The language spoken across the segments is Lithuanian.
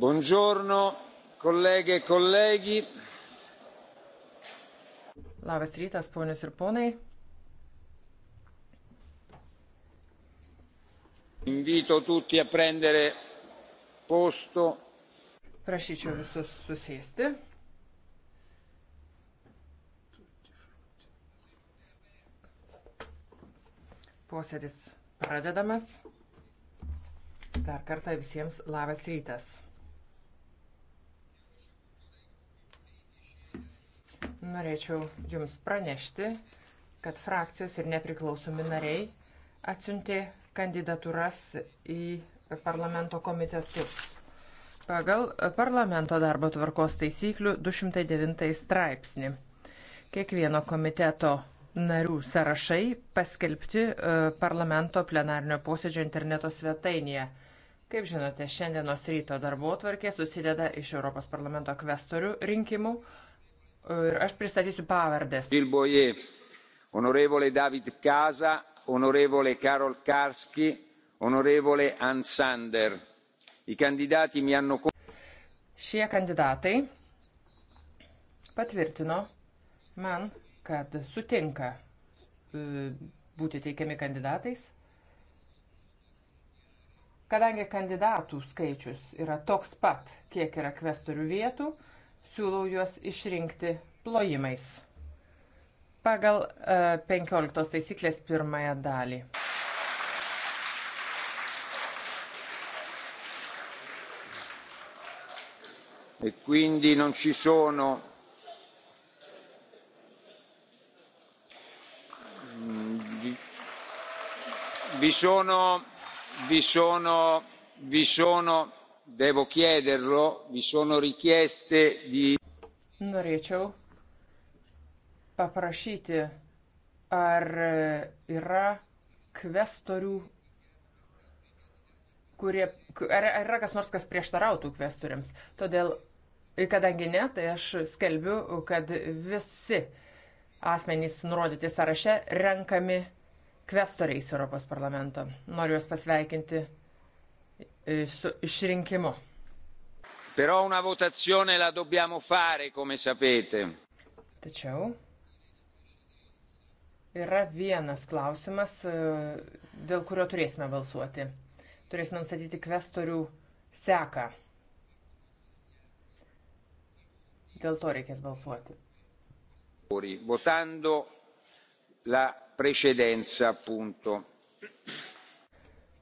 buongiorno colleghe e colleghi labas rytas ponios ir ponai invito tutti a prendere posto prašyčiau visus susėsti posėdis pradedamas Dar kartą visiems labas rytas. Norėčiau Jums pranešti, kad frakcijos ir nepriklausomi nariai atsiuntė kandidatūras į parlamento komitetus. Pagal parlamento darbo tvarkos taisyklių 209 straipsnį. Kiekvieno komiteto narių sąrašai paskelbti e, parlamento plenarnio posėdžio interneto svetainėje. Kaip žinote, šiandienos ryto darbo tvarkė susideda iš Europos parlamento kvestorių rinkimų, ir aš pristatysiu pavardes. Bilboje, honorevole David Kaza, onorevole Karol Karski, onorevole Ann Sander. I candidati mi hanno... Šie kandidatai patvirtino man, kad sutinka e, būti teikiami kandidatais. Kadangi kandidatų skaičius yra toks pat, kiek yra kvestorių vietų, siūlau juos išrinkti plojimais. Pagal uh, e, 15 taisyklės pirmąją dalį. E quindi non ci sono mm, vi sono vi sono vi sono devo chiederlo, vi sono richieste di. Norėčiau paprašyti, ar e, yra kvestorių, kurie. Ar, ar yra kas nors, kas prieštarautų kvestoriams. Todėl, kadangi ne, tai aš skelbiu, kad visi asmenys nurodyti sąraše renkami kvestoriais Europos parlamento. Noriu juos pasveikinti E, su išrinkimu. Però una votazione la dobbiamo fare, come sapete. Tačiau yra vienas klausimas, e, dėl kurio turėsime balsuoti. Turėsime nustatyti kvestorių seką. Dėl to reikės balsuoti. Votando la precedenza, appunto.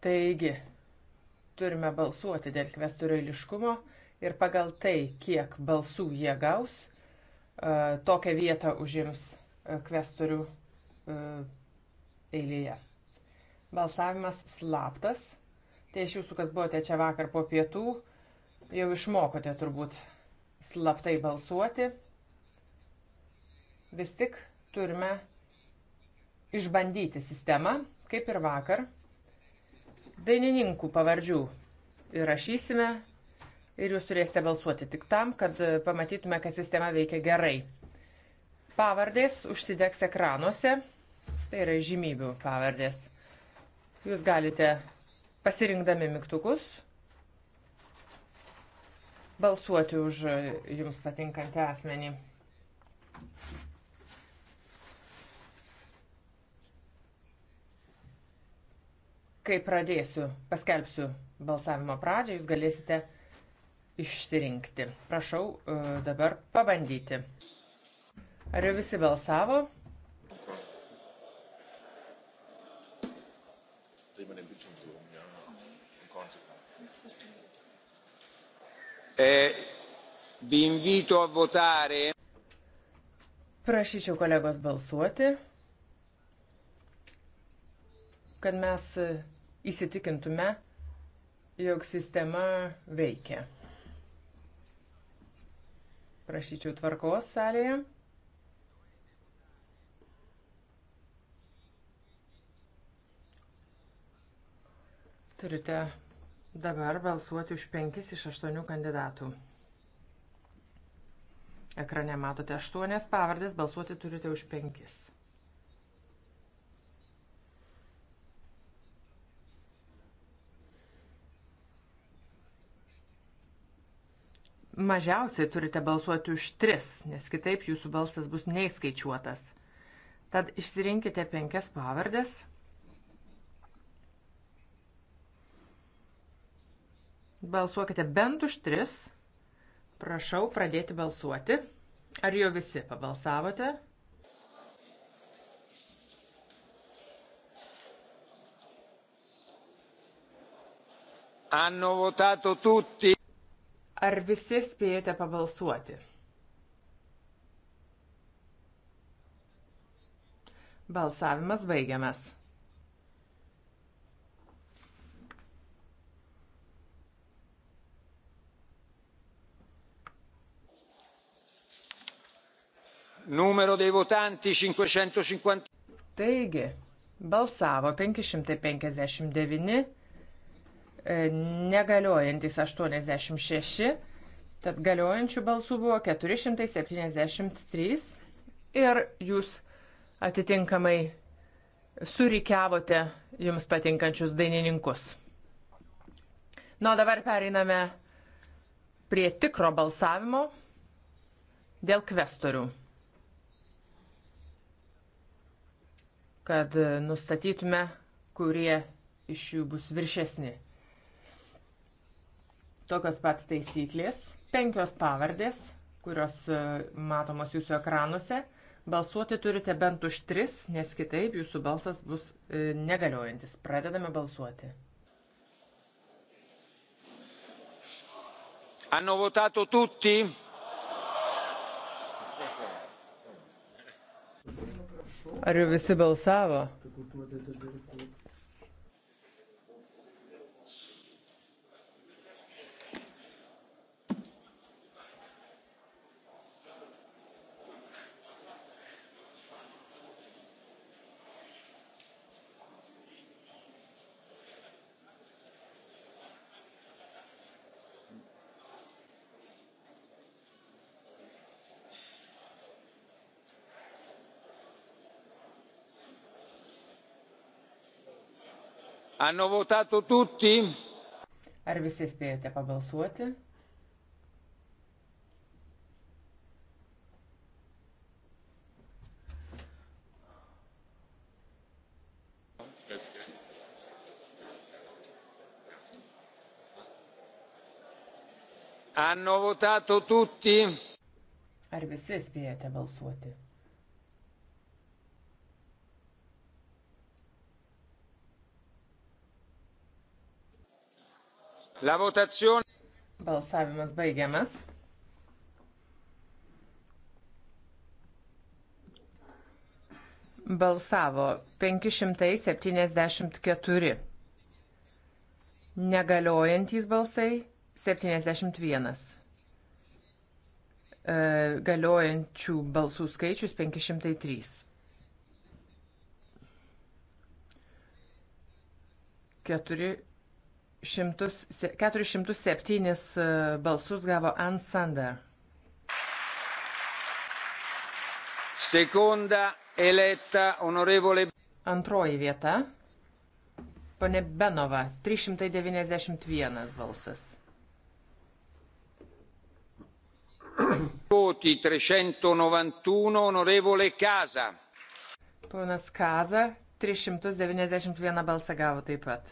Taigi, turime balsuoti dėl kvestorių eiliškumo ir pagal tai, kiek balsų jie gaus, e, tokią vietą užims e, kvestorių e, eilėje. Balsavimas slaptas. Tai iš jūsų, kas buvote čia vakar po pietų, jau išmokote turbūt slaptai balsuoti. Vis tik turime išbandyti sistemą, kaip ir vakar dainininkų pavardžių įrašysime ir jūs turėsite balsuoti tik tam, kad e, pamatytume, kad sistema veikia gerai. Pavardės užsidegs ekranuose, tai yra žymybių pavardės. Jūs galite pasirinkdami mygtukus balsuoti už e, jums patinkantį asmenį. Kai pradėsiu, paskelbsiu balsavimo pradžią, jūs galėsite išsirinkti. Prašau e, dabar pabandyti. Ar jau visi balsavo? E, vi invito a votare. Prašyčiau kolegos balsuoti, kad mes įsitikintume, jog sistema veikia. Prašyčiau tvarkos salėje. Turite dabar balsuoti už penkis iš aštuonių kandidatų. Ekrane matote aštuonias pavardės, balsuoti turite už penkis. mažiausiai turite balsuoti už tris, nes kitaip jūsų balsas bus neįskaičiuotas. Tad išsirinkite penkias pavardės. Balsuokite bent už tris. Prašau pradėti balsuoti. Ar jau visi pabalsavote? Hanno votato tutti. Ar visi spėjote pabalsuoti? Balsavimas baigiamas. Numero dei votanti 550. Taigi, balsavo 559 E, negaliojantis 86, tad galiojančių balsų buvo 473 ir jūs atitinkamai surikiavote jums patinkančius dainininkus. Na, nu, dabar pereiname prie tikro balsavimo dėl kvestorių. Kad nustatytume, kurie iš jų bus viršesni tokios pat taisyklės, penkios pavardės, kurios e, matomos jūsų ekranuose. Balsuoti turite bent už tris, nes kitaip jūsų balsas bus e, negaliojantis. Pradedame balsuoti. Hanno votato tutti? Ar jau visi balsavo? Hanno votato tutti? Ar visi spėjote pabalsuoti? Hanno votato tutti? Ar visi spėjote balsuoti? La votazione. Balsavimas baigiamas. balsavo 574, negaliojantys balsai 71, e, galiojančių balsų skaičius 503. Keturi 407 e, balsus gavo Ann Sander. Sekunda eletta honorevole. Antroji vieta. Pane Benova, 391 balsas. Voti 391 honorevole Kaza. Ponas Kaza 391 balsą gavo taip pat.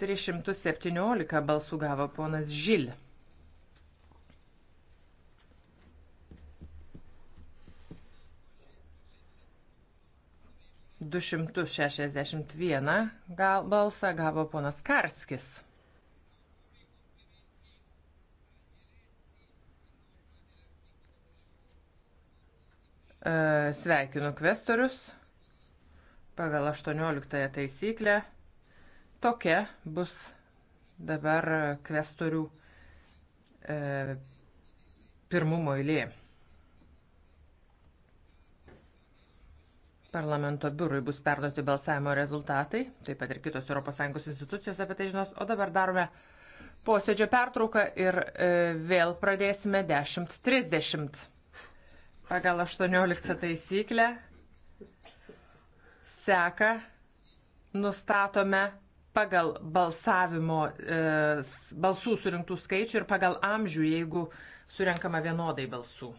317 balsų gavo ponas Žil. Du šimtus šešiasdešimt vieną balsą gavo ponas Karskis. E, sveikinu kvestorius pagal 18 taisyklę. Tokia bus dabar kvestorių e, pirmumo eilė. Parlamento biurui bus perduoti balsavimo rezultatai, taip pat ir kitos ES institucijos apie tai žinos. O dabar darome posėdžio pertrauką ir e, vėl pradėsime 10.30. Pagal 18 taisyklę seka nustatome pagal balsavimo, e, balsų surinktų skaičių ir pagal amžių, jeigu surenkama vienodai balsų.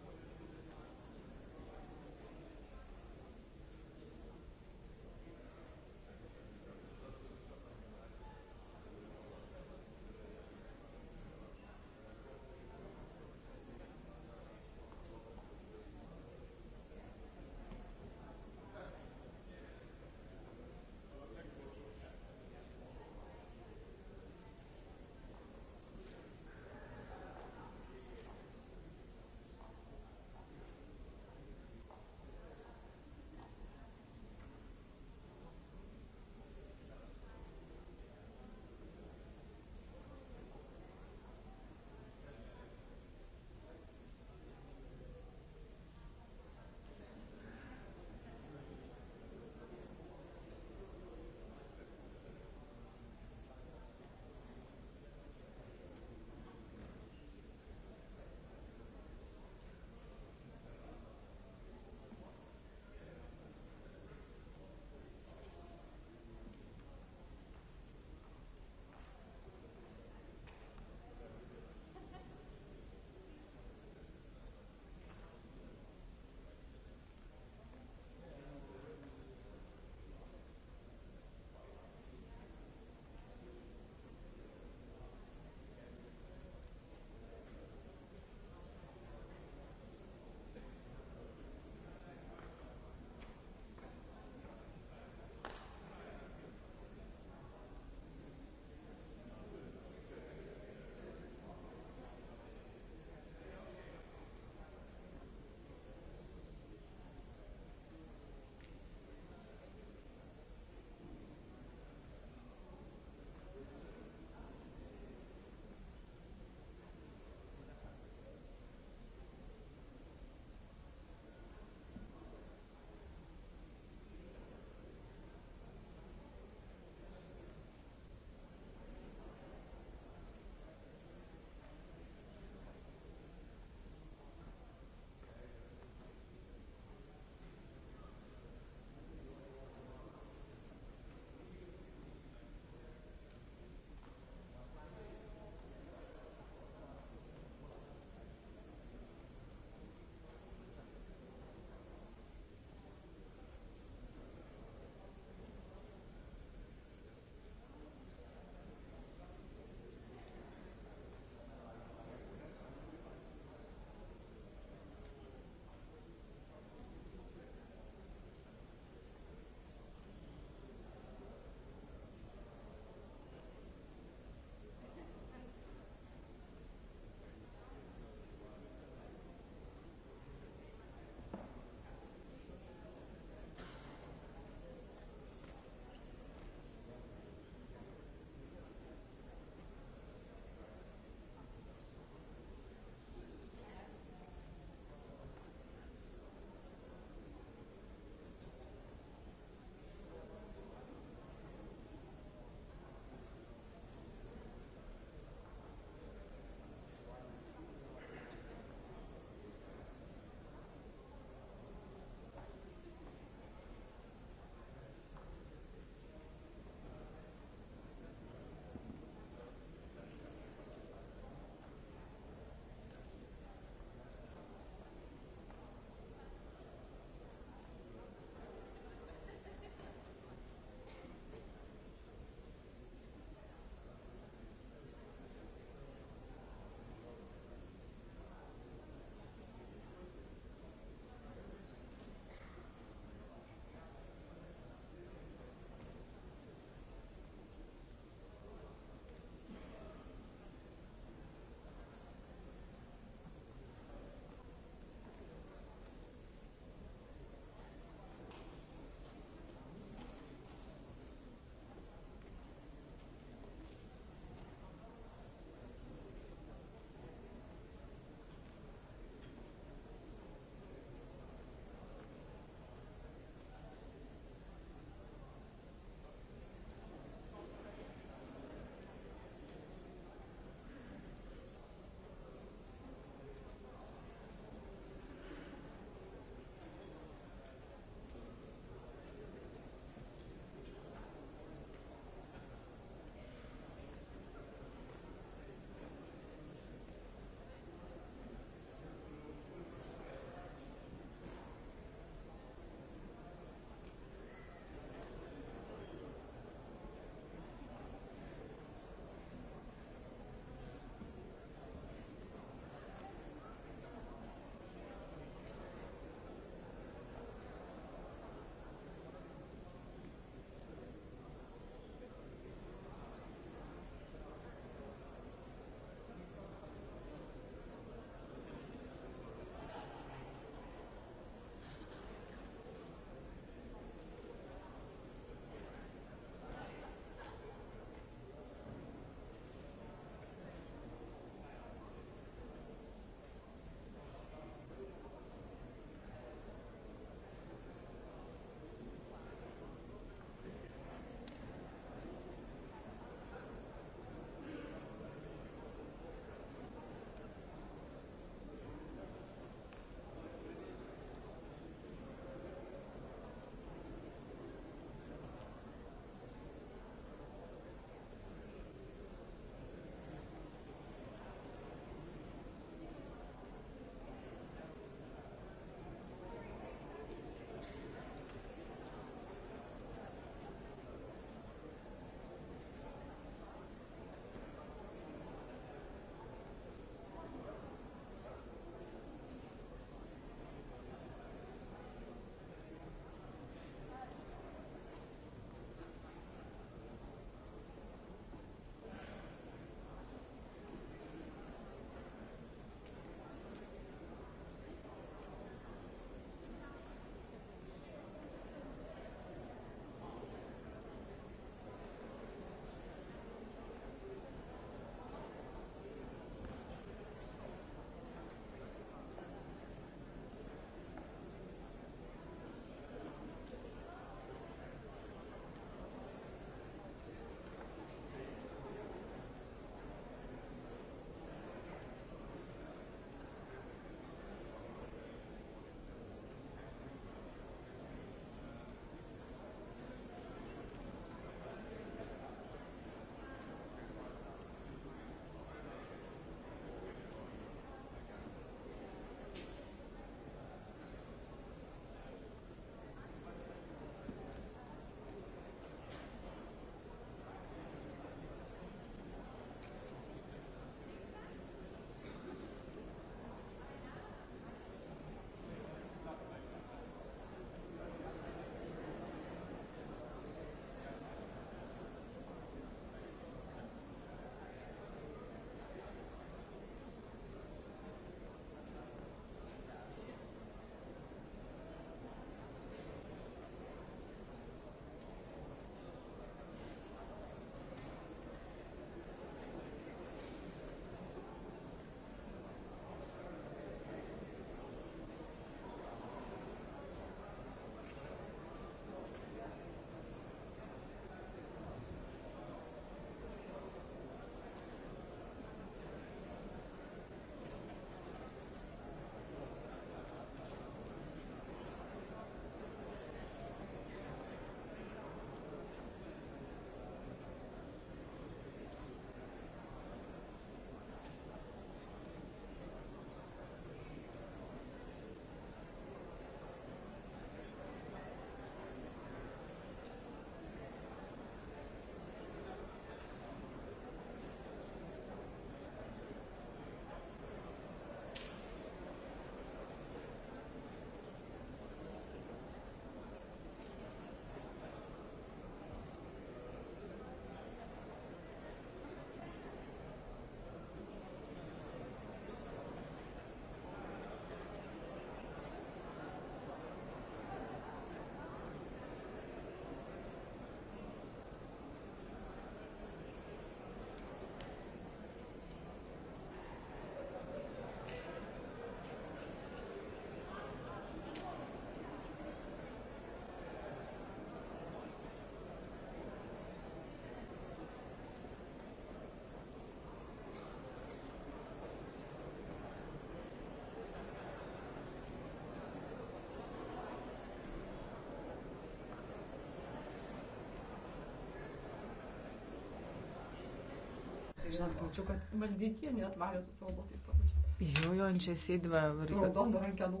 žinot, mačiau, kad Maldeikienė atvarė su savo botais pabučiu. Jojon čia sėdva. Raudonų rankenų.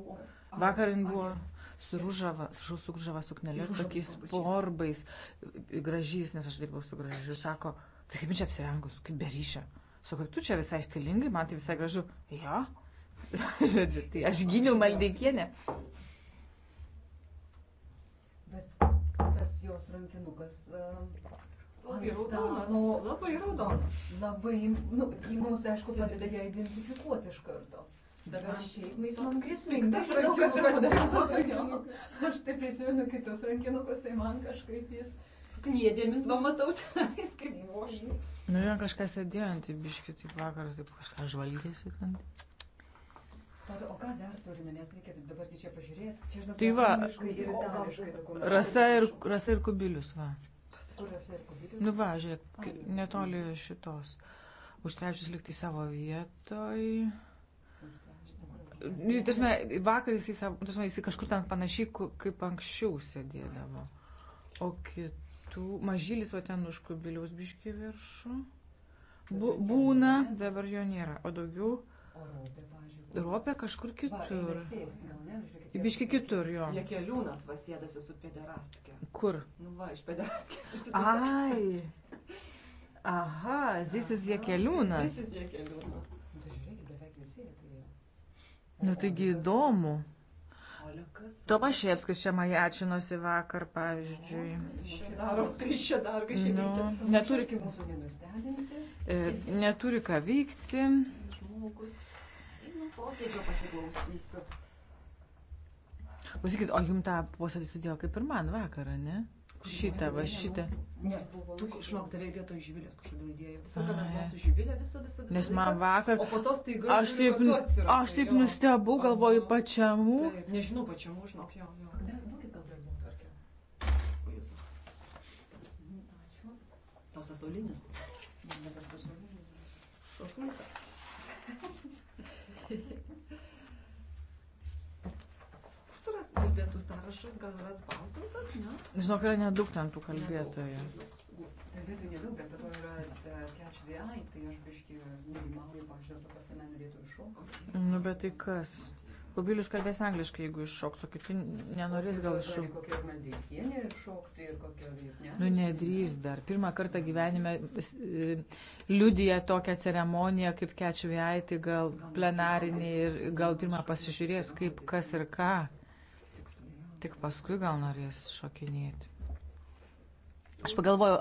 Vakar jin buvo su ružava, su, su ružava suknelė, tokiais porbais, gražiais, nes aš dirbau su gražiu, sako, tai kaip čia apsirengus, kaip beryšia. Sako, tu čia visai stilingai, man tai visai gražu. Jo, žodžiu, tai aš gyniau maldeikienę. aišku, padeda ją identifikuoti iš karto. Bet aš šiaip man grėsmingas rankinukas dėl Aš tai prisimenu kitus rankinukus, tai man kažkaip jis kniedėmis, va matau, tenais kaip vožį. Nu, jo kažkas sėdėjo ant biškių, taip vakar, taip kažką žvalgėsi ten. O ką dar turime, nes reikia taip dabar čia pažiūrėti. Čia tai va, ir itališkai. Rasa ir, rasa ir kubilius, va. Kur rasa ir kubilius? Nu va, žiūrėk, netoli šitos. Mhm užtrečius likti savo vietoj. Nu, tasme, vakar jisai, tasme, jisai kažkur ten panašiai kaip anksčiau sėdėdavo. O kitų, mažylis va ten užkubiliaus biški viršų. Būna, dabar jo nėra. O daugiau. Ropė kažkur kitur. Nu, biški kitur jo. Jekeliūnas vasėdasi su pederastikė. Kur? Nu va, iš pederastikės. Ai. Aha, Zysis Jekeliūnas. Zysis Jekeliūnas. Nu taigi įdomu. Tomaševskis čia majačinosi vakar, pavyzdžiui. Nu, neturi, e, neturi ką vykti. Klausykit, o jums tą posėdį sudėjo kaip ir man vakarą, ne? Šitą, va šitą. Ne, tu, žinok, tave vietoj žyvilės kažkodėl idėjau. Visada mes buvom su žyvilė, visada, visada. Nes man vakar. O po to staiga aš taip, nu- atsiradai, aš taip nustebau, galvoju pačiamų. Taip, nežinau pačiamų, žinok, jo. jo. Būkit gal darbų tarkia. O jūs. Ačiū. Tau sasolinis. Man dabar sasolinis. Sasmaita. kalbėtų sąrašas gal yra atspausdintas, ne? Žinau, kad yra nedaug ten tų kalbėtojų. Kalbėtojų nedaug, bet to yra e, catch the eye, tai aš biškai nerimauju, pažiūrėjau, kas ten norėtų iššokti. Nu, bet tai kas? Kubilius kalbės angliškai, jeigu iššoks, o kiti nenorės gal iššokti. Kokia maldeikienė iššokti ir kokia vietnė. Nu, nedrys dar. Pirmą kartą gyvenime e, liudija tokią ceremoniją kaip kečiuviaitį, gal plenarinį ir gal pirmą pasižiūrės, kaip kas ir ką tik paskui gal norės šokinėti. Aš pagalvojau,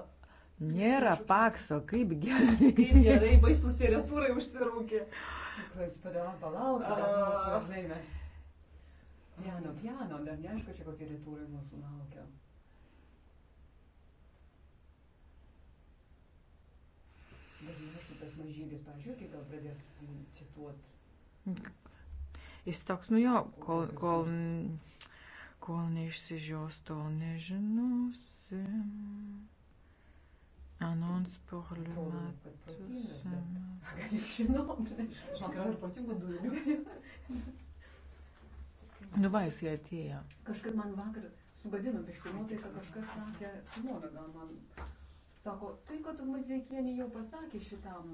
nėra pakso, kaip gerai. kaip gerai, baisus teretūrai užsirūkė. Klaus, padėlą palaukti, kad ah. mūsų apdainas. Piano, piano, dar neaišku, čia kokie retūrai mūsų laukia. Bet neaišku, tas mažylis, pažiūrėk, gal pradės cituoti. Jis toks, nu jo, kol, kol kol neišsižios, tol nežinosim. Anons pour le matin. Nu, va, jis atėjo. Kažkaip man vakar sugadino biškių nuotaiką, kažkas sakė, žmona gal man sako, tai, kad tu Madrikienį jau pasakė šitam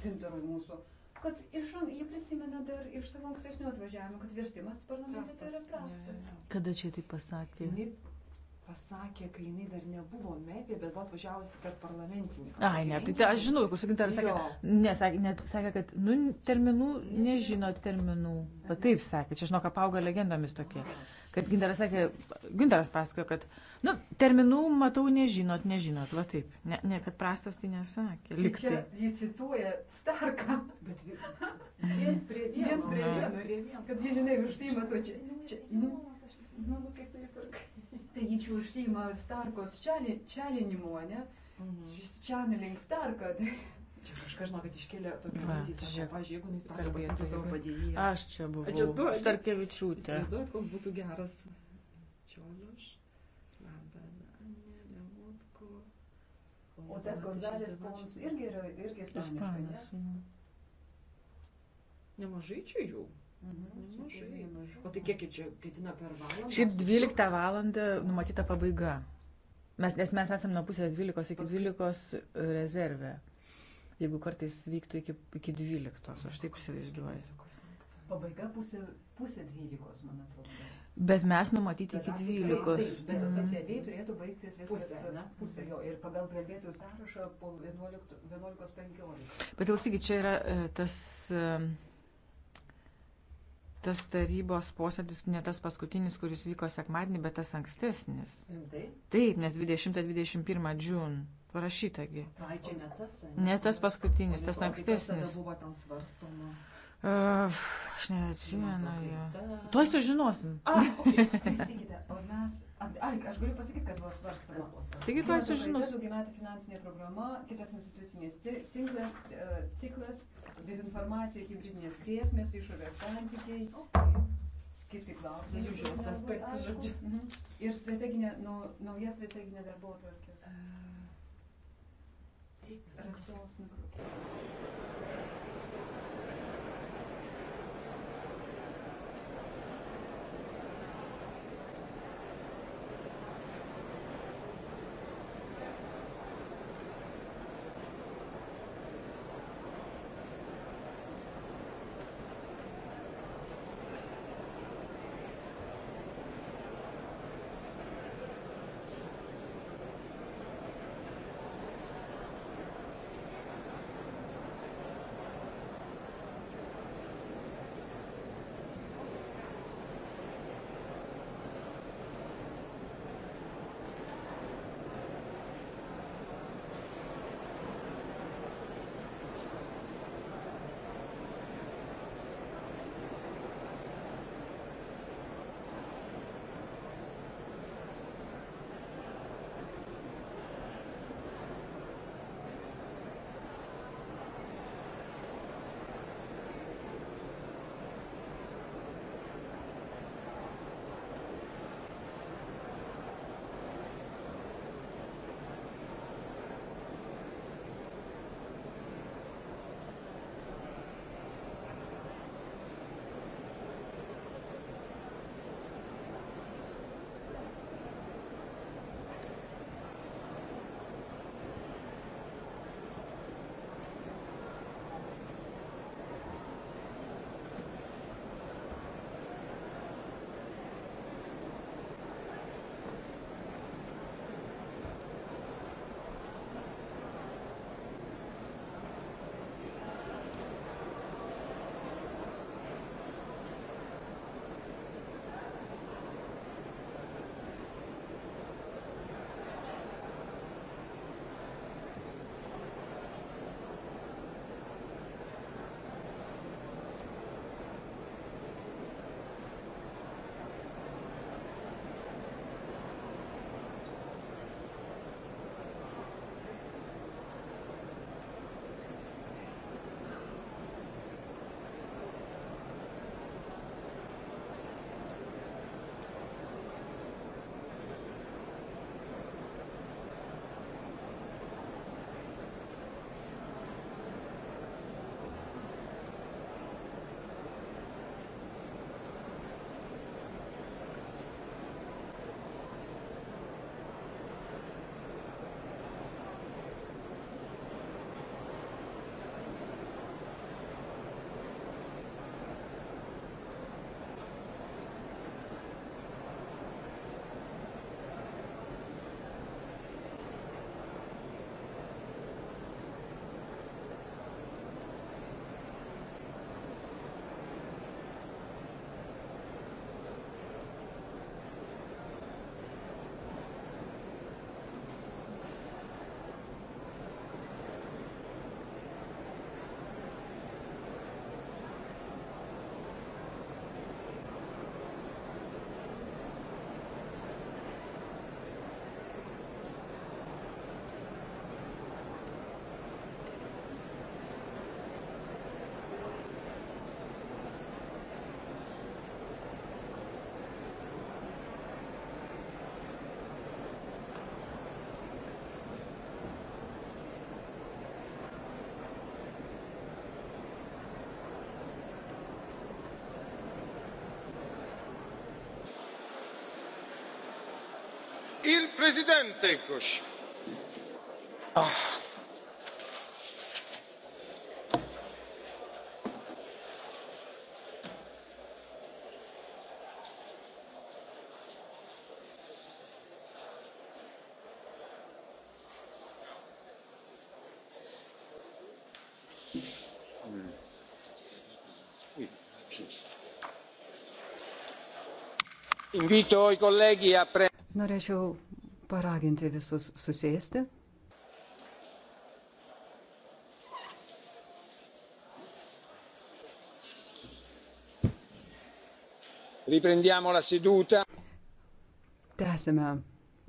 gintarui mūsų, kad iš, jie prisimena dar iš savo ankstesnių atvažiavimų, kad vertimas parlamente tai yra prastas. Kada čia tai pasakė? Jis pasakė, kai jinai dar nebuvo mepė, bet buvo atvažiavusi per parlamentinį. Ai, ne, tai, tai aš žinau, kur sakintar sakė, ne, sakė, net, sakė, kad nu, terminų nežino terminų. Bet taip sakė, čia žinau, ką auga legendomis tokie. Kad Ginteras sakė, Ginteras pasakojo, kad, nu, terminų, matau, nežinot, nežinot, va taip. Ne, ne kad prastas tai nesakė. Liktai. Jie cituoja Starką, bet viens prie viens, viens prie viens, kad jie, žinai, užsima to čia. čia. Nu, nu, kaip tai, kaip taigi čia užsima starkos čelinimu, ne? Mhm. Šis channeling starka. Tai čia kažkas, žinokit, iškėlė tokią mintį, sakė, važiuoju, jeigu jis tarp pasimtų savo padėjėją. Aš čia buvau. A, čia tu, aš Tarkevičiūtė. Įsivaizduojat, koks būtų geras čioliuš. O tas Gonzalės Pons irgi yra, irgi ispaniškai, ne? Nu. Nemažai čia jau. Mažai. Mhm. Nu, o tai kiek čia ketina per valandą? Šiaip 12 valandą numatyta pabaiga. Mes, nes mes esame nuo pusės 12 iki 12 e, rezervė. Jeigu kartais vyktų iki, iki 12, aš taip įsivaizduoju. Pabaiga pusė, pusė 12, man atrodo. Bet mes numatyti iki 12. Taip, bet mhm. oficialiai turėtų baigtis viskas pusė, na, pusė jo ir pagal kalbėtojų sąrašą po 11.15. 11, bet klausykit, čia yra e, tas. Uh, tas tarybos posėdis ne tas paskutinis, kuris vyko sekmadienį, bet tas ankstesnis. Rimtai? Taip, nes 20-21 džiūn. Parašytagi. Ai, čia ne tas. Ne, ne tas paskutinis, tas tai ankstesnis. Buvo ten svarstoma. Aš neatsimenu jo. Tuoj sužinosim. Pasakykite, o mes. Ai, aš galiu pasakyti, kas buvo svarstama. Taigi tuoj sužinosim. Daugiametė finansinė programa, kitas institucinės ciklas, e, ciklas dezinformacija, hybridinės grėsmės, išorės santykiai. Kiti klausimai. Jūžiaus aspektas, žodžiu. Mhm. Ir strateginė, nu, nauja strateginė darbo tvarkė. Raksos mikro. il presidente Koš. Ah. invito i colleghi a. Norėčiau paraginti visus susėsti. Riprendiamo la seduta. Tęsime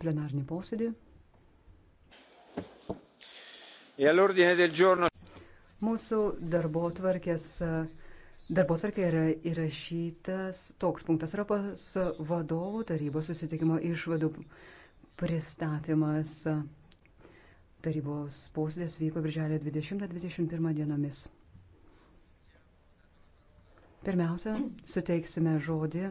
plenarnį posėdį. E all'ordine del giorno. Mūsų darbo tvarkės Darbo tvarkė yra įrašytas toks punktas Europos vadovų tarybos susitikimo išvadų pristatymas. Tarybos posėdės vyko birželio 20-21 dienomis. Pirmiausia, suteiksime žodį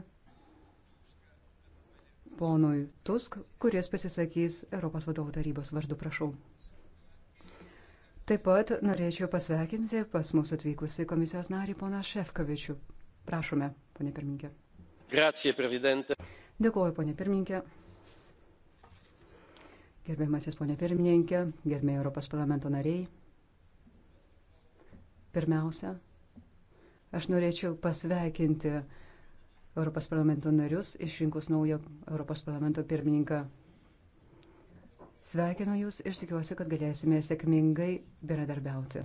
ponui Tusk, kuris pasisakys Europos vadovų tarybos vardu, prašau. Taip pat norėčiau pasveikinti pas mūsų atvykusi komisijos narį poną Šefkovičių. Prašome, ponė pirmininkė. Grazie, prezidente. Dėkuoju, ponė pirmininkė. Gerbiamasis ponė pirmininkė, gerbėjai Europos parlamento nariai. Pirmiausia, aš norėčiau pasveikinti Europos parlamento narius išrinkus naują Europos parlamento pirmininką Sveikinu Jūs ir tikiuosi, kad galėsime sėkmingai bendradarbiauti.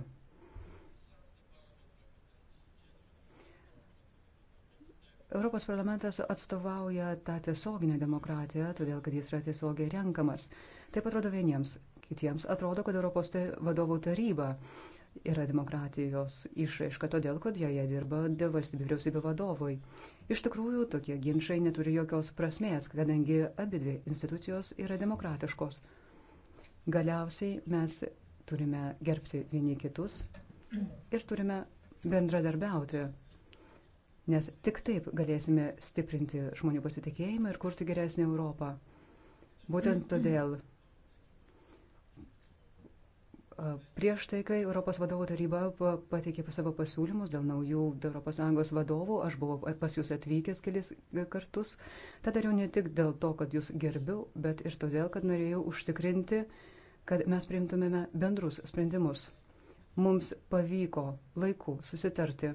Europos parlamentas atstovauja tą tiesioginę demokratiją, todėl kad jis yra tiesiogiai renkamas. Taip atrodo vieniems, kitiems atrodo, kad Europos vadovų taryba yra demokratijos išraiška, todėl kad joje dirba valstybių vyriausybių vadovai. Iš tikrųjų, tokie ginčiai neturi jokios prasmės, kadangi abi dvi institucijos yra demokratiškos. Galiausiai mes turime gerbti vieni kitus ir turime bendradarbiauti, nes tik taip galėsime stiprinti žmonių pasitikėjimą ir kurti geresnį Europą. Būtent todėl prieš tai, kai Europos vadovų taryba pateikė savo pasiūlymus dėl naujų ES vadovų, aš buvau pas jūs atvykęs kelis kartus. Tą dariau ne tik dėl to, kad jūs gerbiu, bet ir todėl, kad norėjau užtikrinti, uh, kad mes priimtumėme bendrus sprendimus. Mums pavyko laiku susitarti.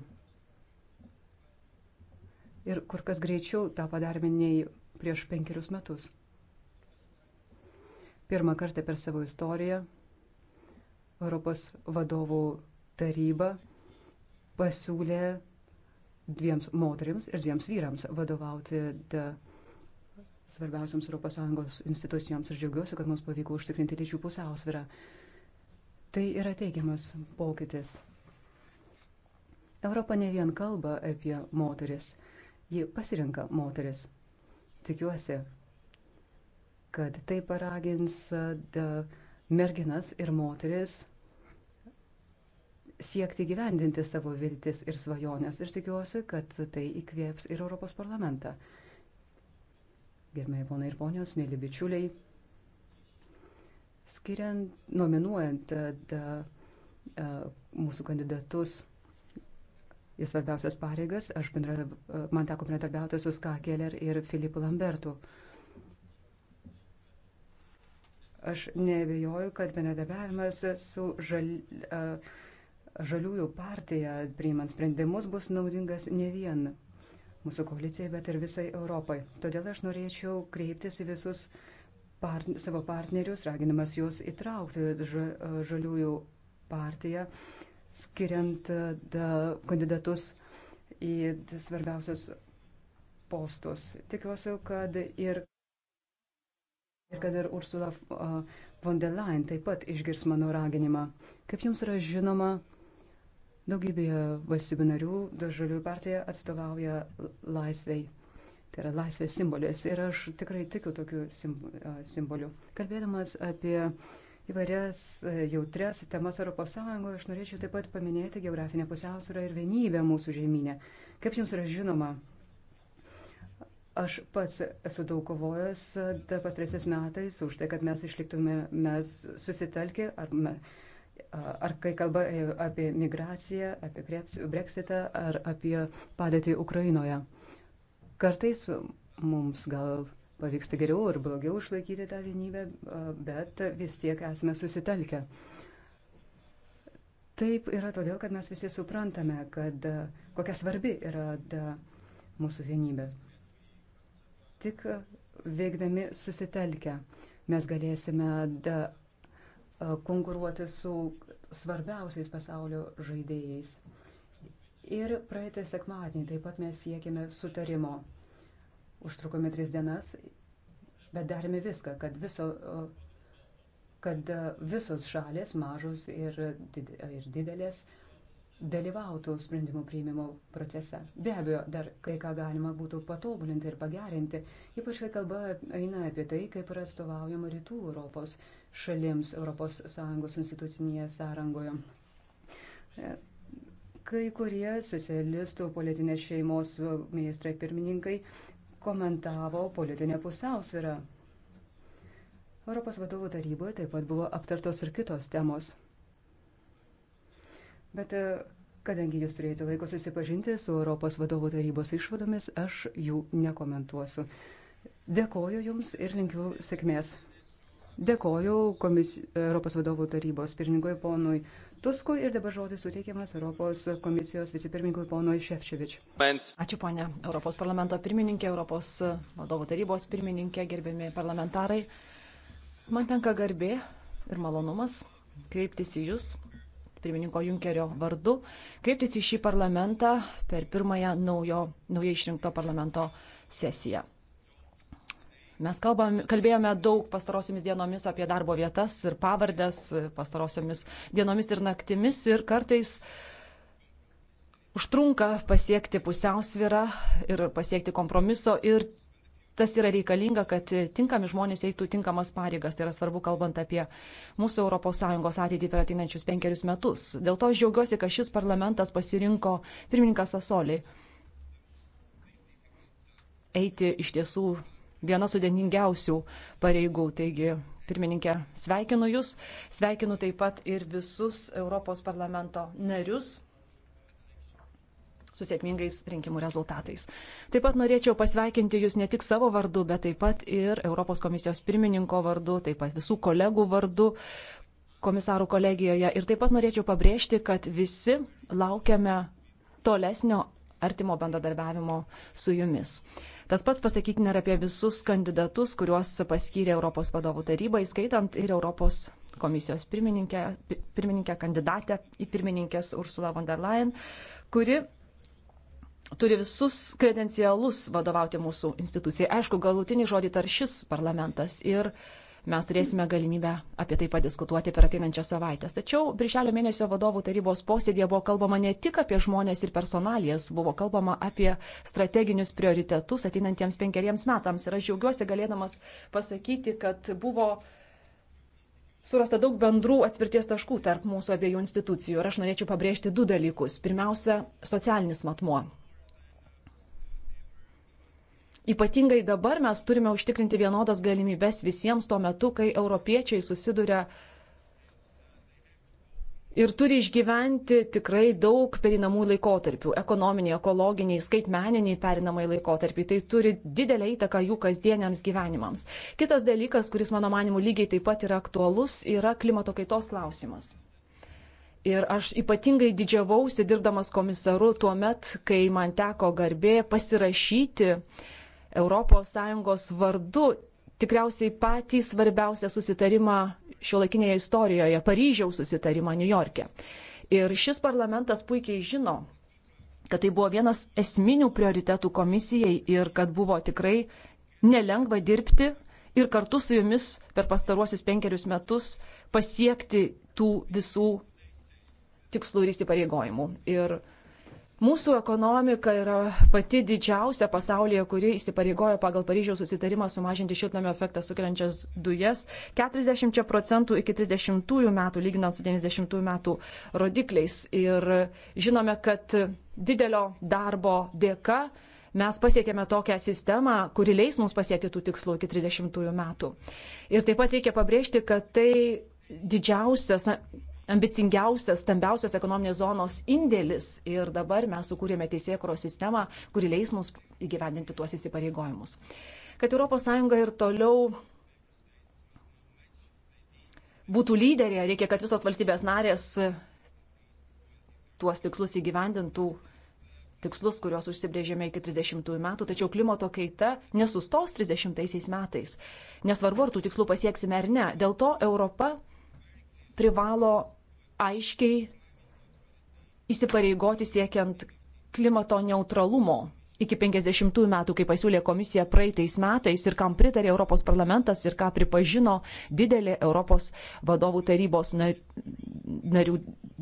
Ir kur kas greičiau tą padarėme nei prieš penkerius metus. Pirmą kartą per savo istoriją Europos vadovų taryba pasiūlė dviems moteriams ir dviems vyrams vadovauti. De, svarbiausiams ES institucijoms ir džiaugiuosi, kad mums pavyko užtikrinti lyčių pusiausvyrą. Tai yra teigiamas pokytis. Europa ne vien kalba apie moteris, ji pasirinka moteris. Tikiuosi, kad tai paragins merginas ir moteris siekti gyvendinti savo viltis ir svajonės ir tikiuosi, kad tai įkvėps ir Europos parlamentą gerbėjai ponai ir ponios, mėly bičiuliai, skiriant, nominuojant e, da, a, e, mūsų kandidatus į svarbiausias pareigas, aš bendra, e, man teko bendradarbiauti su Ska Keller ir Filipu Lambertu. Aš nebejoju, kad bendradarbiavimas su žal, a, Žaliųjų partija priimant sprendimus bus naudingas ne vien mūsų koalicijai, bet ir visai Europai. Todėl aš norėčiau kreiptis į visus part, savo partnerius, raginamas juos įtraukti ž, žaliųjų partiją, skiriant da, kandidatus į svarbiausius postus. Tikiuosi, kad ir, ir kad ir Ursula von der Leyen taip pat išgirs mano raginimą. Kaip jums yra žinoma, Daugybėje valstybių narių žaliųjų partija atstovauja laisvei. Tai yra laisvės simbolis ir aš tikrai tikiu tokiu simboliu. Kalbėdamas apie įvairias jautres temas ES, aš norėčiau taip pat paminėti geografinę pusiausvyrą ir vienybę mūsų žemynę. Kaip jums yra žinoma, aš pats esu daug kovojęs pastraisiais metais už tai, kad mes išliktume mes susitelkę ar mes ar kai kalba e, apie migraciją, apie breksitą, ar apie padėtį Ukrainoje. Kartais mums gal pavyksta geriau ir blogiau išlaikyti tą vienybę, bet vis tiek esame susitelkę. Taip yra todėl, kad mes visi suprantame, kad kokia svarbi yra mūsų vienybė. Tik veikdami susitelkę mes galėsime E, konkuruoti su svarbiausiais pasaulio žaidėjais. Ir praeitą sekmadienį taip pat mes siekėme sutarimo. Užtrukome tris dienas, bet darėme viską, kad, viso, e, kad e, visos šalės, mažos ir, did, ir didelės, dalyvautų sprendimų priimimo procese. Be abejo, dar kai ką galima būtų patobulinti ir pagerinti, ypač kai kalba eina apie tai, kaip yra atstovaujama rytų Europos šalims ES institucinėje sąrangoje. Kai kurie socialistų politinės šeimos ministrai pirmininkai komentavo politinę pusiausvyrą. Europos vadovų taryboje taip pat buvo aptartos ir kitos temos. Bet e, Kadangi jūs turėjote laiko susipažinti su Europos vadovų tarybos išvadomis, aš jų nekomentuosiu. Dėkoju Jums ir linkiu sėkmės. Dėkoju komis, Europos vadovų tarybos pirmininkui ponui Tuskui ir dabar žodis suteikiamas Europos komisijos vicepirmininkui ponui Šefčevič. Ačiū ponė, Europos parlamento pirmininkė, Europos vadovų tarybos pirmininkė, gerbiami parlamentarai. Man tenka garbė ir malonumas kreiptis į Jūs, pirmininko Junkerio vardu, kreiptis į šį parlamentą per pirmąją naujo, naujai išrinkto parlamento sesiją. Mes kalbam, kalbėjome daug pastarosiomis dienomis apie darbo vietas ir pavardes, pastarosiomis dienomis ir naktimis ir kartais užtrunka pasiekti pusiausvyrą ir pasiekti kompromiso ir tas yra reikalinga, kad tinkami žmonės eitų tinkamas pareigas. Tai yra svarbu, kalbant apie mūsų ES ateitį per ateinančius penkerius metus. Dėl to aš džiaugiuosi, kad šis parlamentas pasirinko pirmininką Sasolį eiti iš tiesų viena sudėningiausių pareigų. Taigi, pirmininkė, sveikinu Jūs, sveikinu taip pat ir visus Europos parlamento narius su sėkmingais rinkimų rezultatais. Taip pat norėčiau pasveikinti Jūs ne tik savo vardu, bet taip pat ir Europos komisijos pirmininko vardu, taip pat visų kolegų vardu komisarų kolegijoje. Ir taip pat norėčiau pabrėžti, kad visi laukiame tolesnio artimo bendradarbiavimo su Jumis. Tas pats pasakytina ir apie visus kandidatus, kuriuos paskyrė Europos vadovų taryba, įskaitant ir Europos komisijos pirmininkę, pirmininkę kandidatę į pirmininkės Ursula von der Leyen, kuri turi visus kredencialus vadovauti mūsų institucijai. Aišku, galutinį žodį tar šis parlamentas ir uh, mes turėsime galimybę apie tai padiskutuoti per ateinančią savaitę. Tačiau Birželio mėnesio vadovų tarybos posėdėje buvo kalbama ne tik apie žmonės ir personalijas, buvo kalbama apie strateginius prioritetus ateinantiems penkeriems metams. Ir aš džiaugiuosi galėdamas pasakyti, kad buvo surasta daug bendrų atspirties taškų tarp mūsų abiejų institucijų. Ir aš norėčiau pabrėžti du dalykus. Pirmiausia, socialinis matmuo. Ypatingai dabar mes turime užtikrinti vienodas galimybės visiems tuo metu, kai europiečiai susiduria ir turi išgyventi tikrai daug perinamų laikotarpių - ekonominiai, ekologiniai, skaitmeniniai perinamai laikotarpiai. Tai turi didelę įtaką jų kasdieniams gyvenimams. Kitas dalykas, kuris mano manimu lygiai taip pat yra aktualus, yra klimato kaitos klausimas. Ir aš ypatingai didžiavausi dirbdamas komisaru tuo met, kai man teko garbė pasirašyti uh, ES vardu tikriausiai patį svarbiausią susitarimą šiuolaikinėje istorijoje - Paryžiaus susitarimą New York'e. Ir šis parlamentas puikiai žino, kad tai buvo vienas esminių prioritetų komisijai ir kad buvo tikrai nelengva dirbti ir kartu su jumis per pastaruosius penkerius metus pasiekti tų visų tikslų ir įsipareigojimų. Ir Mūsų ekonomika yra pati didžiausia pasaulyje, kuri įsipareigojo pagal Paryžiaus susitarimą sumažinti šiltnamio efektą sukeliančias dujas 40 procentų iki 30 metų, lyginant su 90 metų rodikliais. Ir žinome, kad didelio darbo dėka mes pasiekėme tokią sistemą, kuri leis mums pasiekti tų tikslų iki 30 metų. Ir taip pat reikia pabrėžti, kad tai didžiausias ambicingiausias, stambiausias ekonominės zonos indėlis ir dabar mes sukūrėme teisėkuros sistemą, kuri leis mums įgyvendinti tuos įsipareigojimus. Kad ES ir toliau būtų lyderė, reikia, kad visos valstybės narės tuos tikslus įgyvendintų tikslus, kuriuos užsibrėžėme iki 30 metų, tačiau klimato kaita nesustos 30 metais. Nesvarbu, ar tų tikslų pasieksime ar ne. Dėl to Europa privalo aiškiai įsipareigoti siekiant klimato neutralumo iki 50 metų, kai pasiūlė komisija praeitais metais ir kam pritarė Europos parlamentas ir ką pripažino didelė Europos vadovų tarybos narių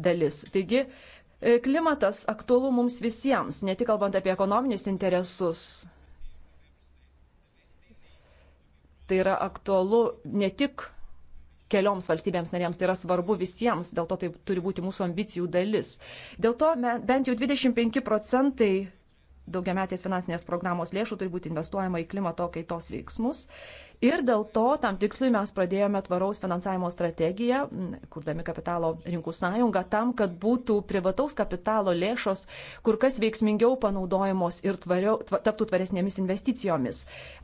dalis. Taigi, e, klimatas aktualu mums visiems, ne tik kalbant apie ekonominius interesus. Tai yra aktualu ne tik kelioms valstybėms narėms, tai yra svarbu visiems, dėl to tai turi būti mūsų ambicijų dalis. Dėl to bent jau 25 procentai daugiametės finansinės programos lėšų turi būti investuojama į klimato kaitos veiksmus Ir dėl to tam tikslui mes pradėjome tvaraus finansavimo strategiją, kurdami kapitalo rinkų sąjungą, tam, kad būtų privataus kapitalo lėšos kur kas veiksmingiau panaudojamos ir tvariau, taptų tvaresnėmis investicijomis.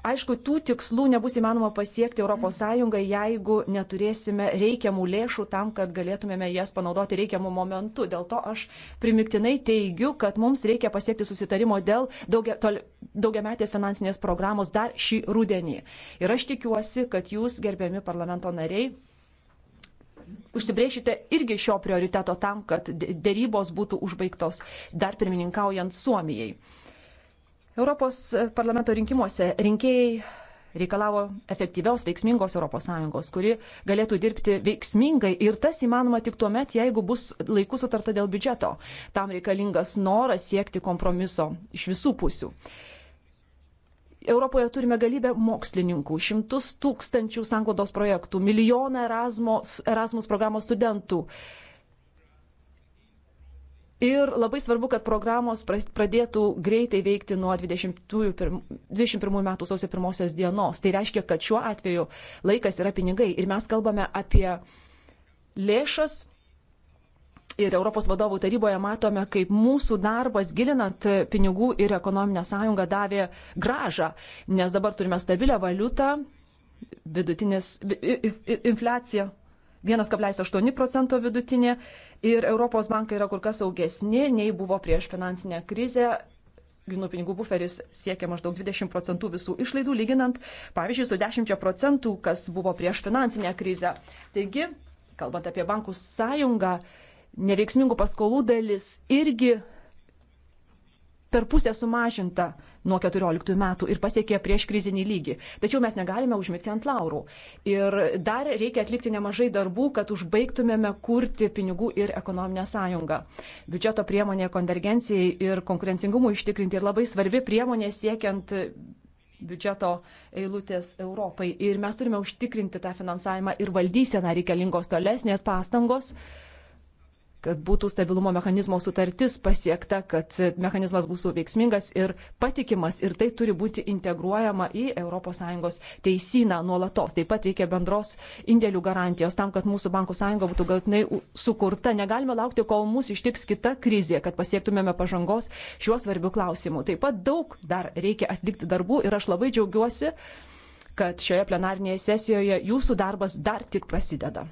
Aišku, tų tikslų nebus įmanoma pasiekti ES, jeigu neturėsime reikiamų lėšų tam, kad galėtumėme jas panaudoti reikiamų momentų. Dėl to aš primiktinai teigiu, kad mums reikia pasiekti susitarimo dėl daugia, tol, daugiametės finansinės programos dar šį rudenį. Ir aš aš tikiuosi, kad jūs, gerbiami parlamento nariai, užsibrėšite irgi šio prioriteto tam, kad dėrybos būtų užbaigtos dar pirmininkaujant Suomijai. Europos parlamento rinkimuose rinkėjai reikalavo efektyviaus, veiksmingos ES, kuri galėtų dirbti veiksmingai ir tas įmanoma tik tuo met, jeigu bus laiku sutarta dėl biudžeto. Tam reikalingas noras siekti kompromiso iš visų pusių. Europoje turime galybę mokslininkų, šimtus tūkstančių sanglodos projektų, milijoną Erasmus, Erasmus programos studentų. Ir labai svarbu, kad programos pradėtų greitai veikti nuo 21, 21 metų sausio pirmosios dienos. Tai reiškia, kad šiuo atveju laikas yra pinigai. Ir mes kalbame apie lėšas, ir Europos vadovų taryboje matome, kaip mūsų darbas gilinant pinigų ir ekonominę sąjungą davė gražą, nes dabar turime stabilę valiutą, vidutinis, infliacija 1,8 procento vidutinė ir Europos bankai yra kur kas saugesni, nei buvo prieš finansinę krizę. Grinų pinigų buferis siekia maždaug 20 procentų visų išlaidų, lyginant, pavyzdžiui, su 10 procentų, kas buvo prieš finansinę krizę. Taigi, kalbant apie bankų sąjungą, neveiksmingų paskolų dalis irgi per pusę sumažinta nuo 14 metų ir pasiekė prieš krizinį lygį. Tačiau mes negalime užmigti ant laurų. Ir dar reikia atlikti nemažai darbų, kad užbaigtumėme kurti pinigų ir ekonominę sąjungą. Biudžeto priemonė konvergencijai ir konkurencingumui ištikrinti ir labai svarbi priemonė siekiant biudžeto eilutės Europai. Ir mes turime užtikrinti tą finansavimą ir valdyseną reikalingos tolesnės pastangos, uh, kad būtų stabilumo mechanizmo sutartis pasiekta, kad mechanizmas būtų veiksmingas ir patikimas ir tai turi būti integruojama į ES teisyną nuolatos. Taip pat reikia bendros indėlių garantijos tam, kad mūsų bankų sąjunga būtų galtinai sukurta. Negalime laukti, kol mūsų ištiks kita krizė, kad pasiektumėme pažangos šiuo svarbiu klausimu. Taip pat daug dar reikia atlikti darbų ir aš labai džiaugiuosi, kad šioje plenarnėje sesijoje jūsų darbas dar tik prasideda.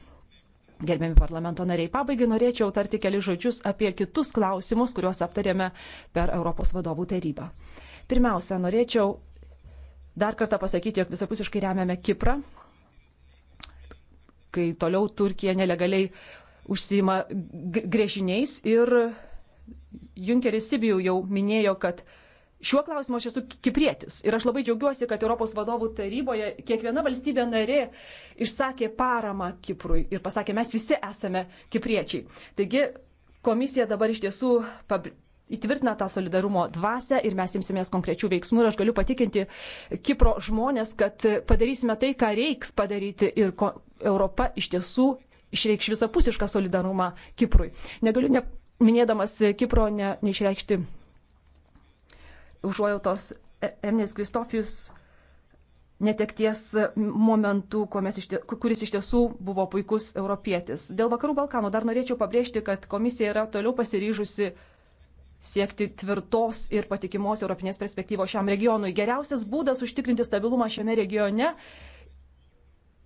Gerbiami parlamento nariai, pabaigai norėčiau tarti keli žodžius apie kitus klausimus, kuriuos aptarėme per Europos vadovų tarybą. Pirmiausia, norėčiau dar kartą pasakyti, jog visapusiškai remiame Kiprą, kai toliau Turkija nelegaliai užsima grėžiniais ir Junkeris Sibijų jau minėjo, kad Šiuo klausimu aš esu kiprietis ir aš labai džiaugiuosi, kad Europos vadovų taryboje kiekviena valstybė narė išsakė paramą Kiprui ir pasakė, mes visi esame kipriečiai. Taigi komisija dabar iš tiesų įtvirtina tą solidarumo dvasę ir mes imsimės konkrečių veiksmų ir aš galiu patikinti Kipro žmonės, kad padarysime tai, ką reiks padaryti ir Europa iš tiesų išreikš visapusišką solidarumą Kiprui. Negaliu ne, minėdamas Kipro ne, neišreikšti užuojautos Emnės Kristofijus netekties momentu, iš tie, kuris iš tiesų buvo puikus europietis. Dėl Vakarų Balkanų dar norėčiau pabrėžti, kad komisija yra toliau pasiryžusi siekti tvirtos ir patikimos europinės perspektyvos šiam regionui. Geriausias būdas užtikrinti stabilumą šiame regione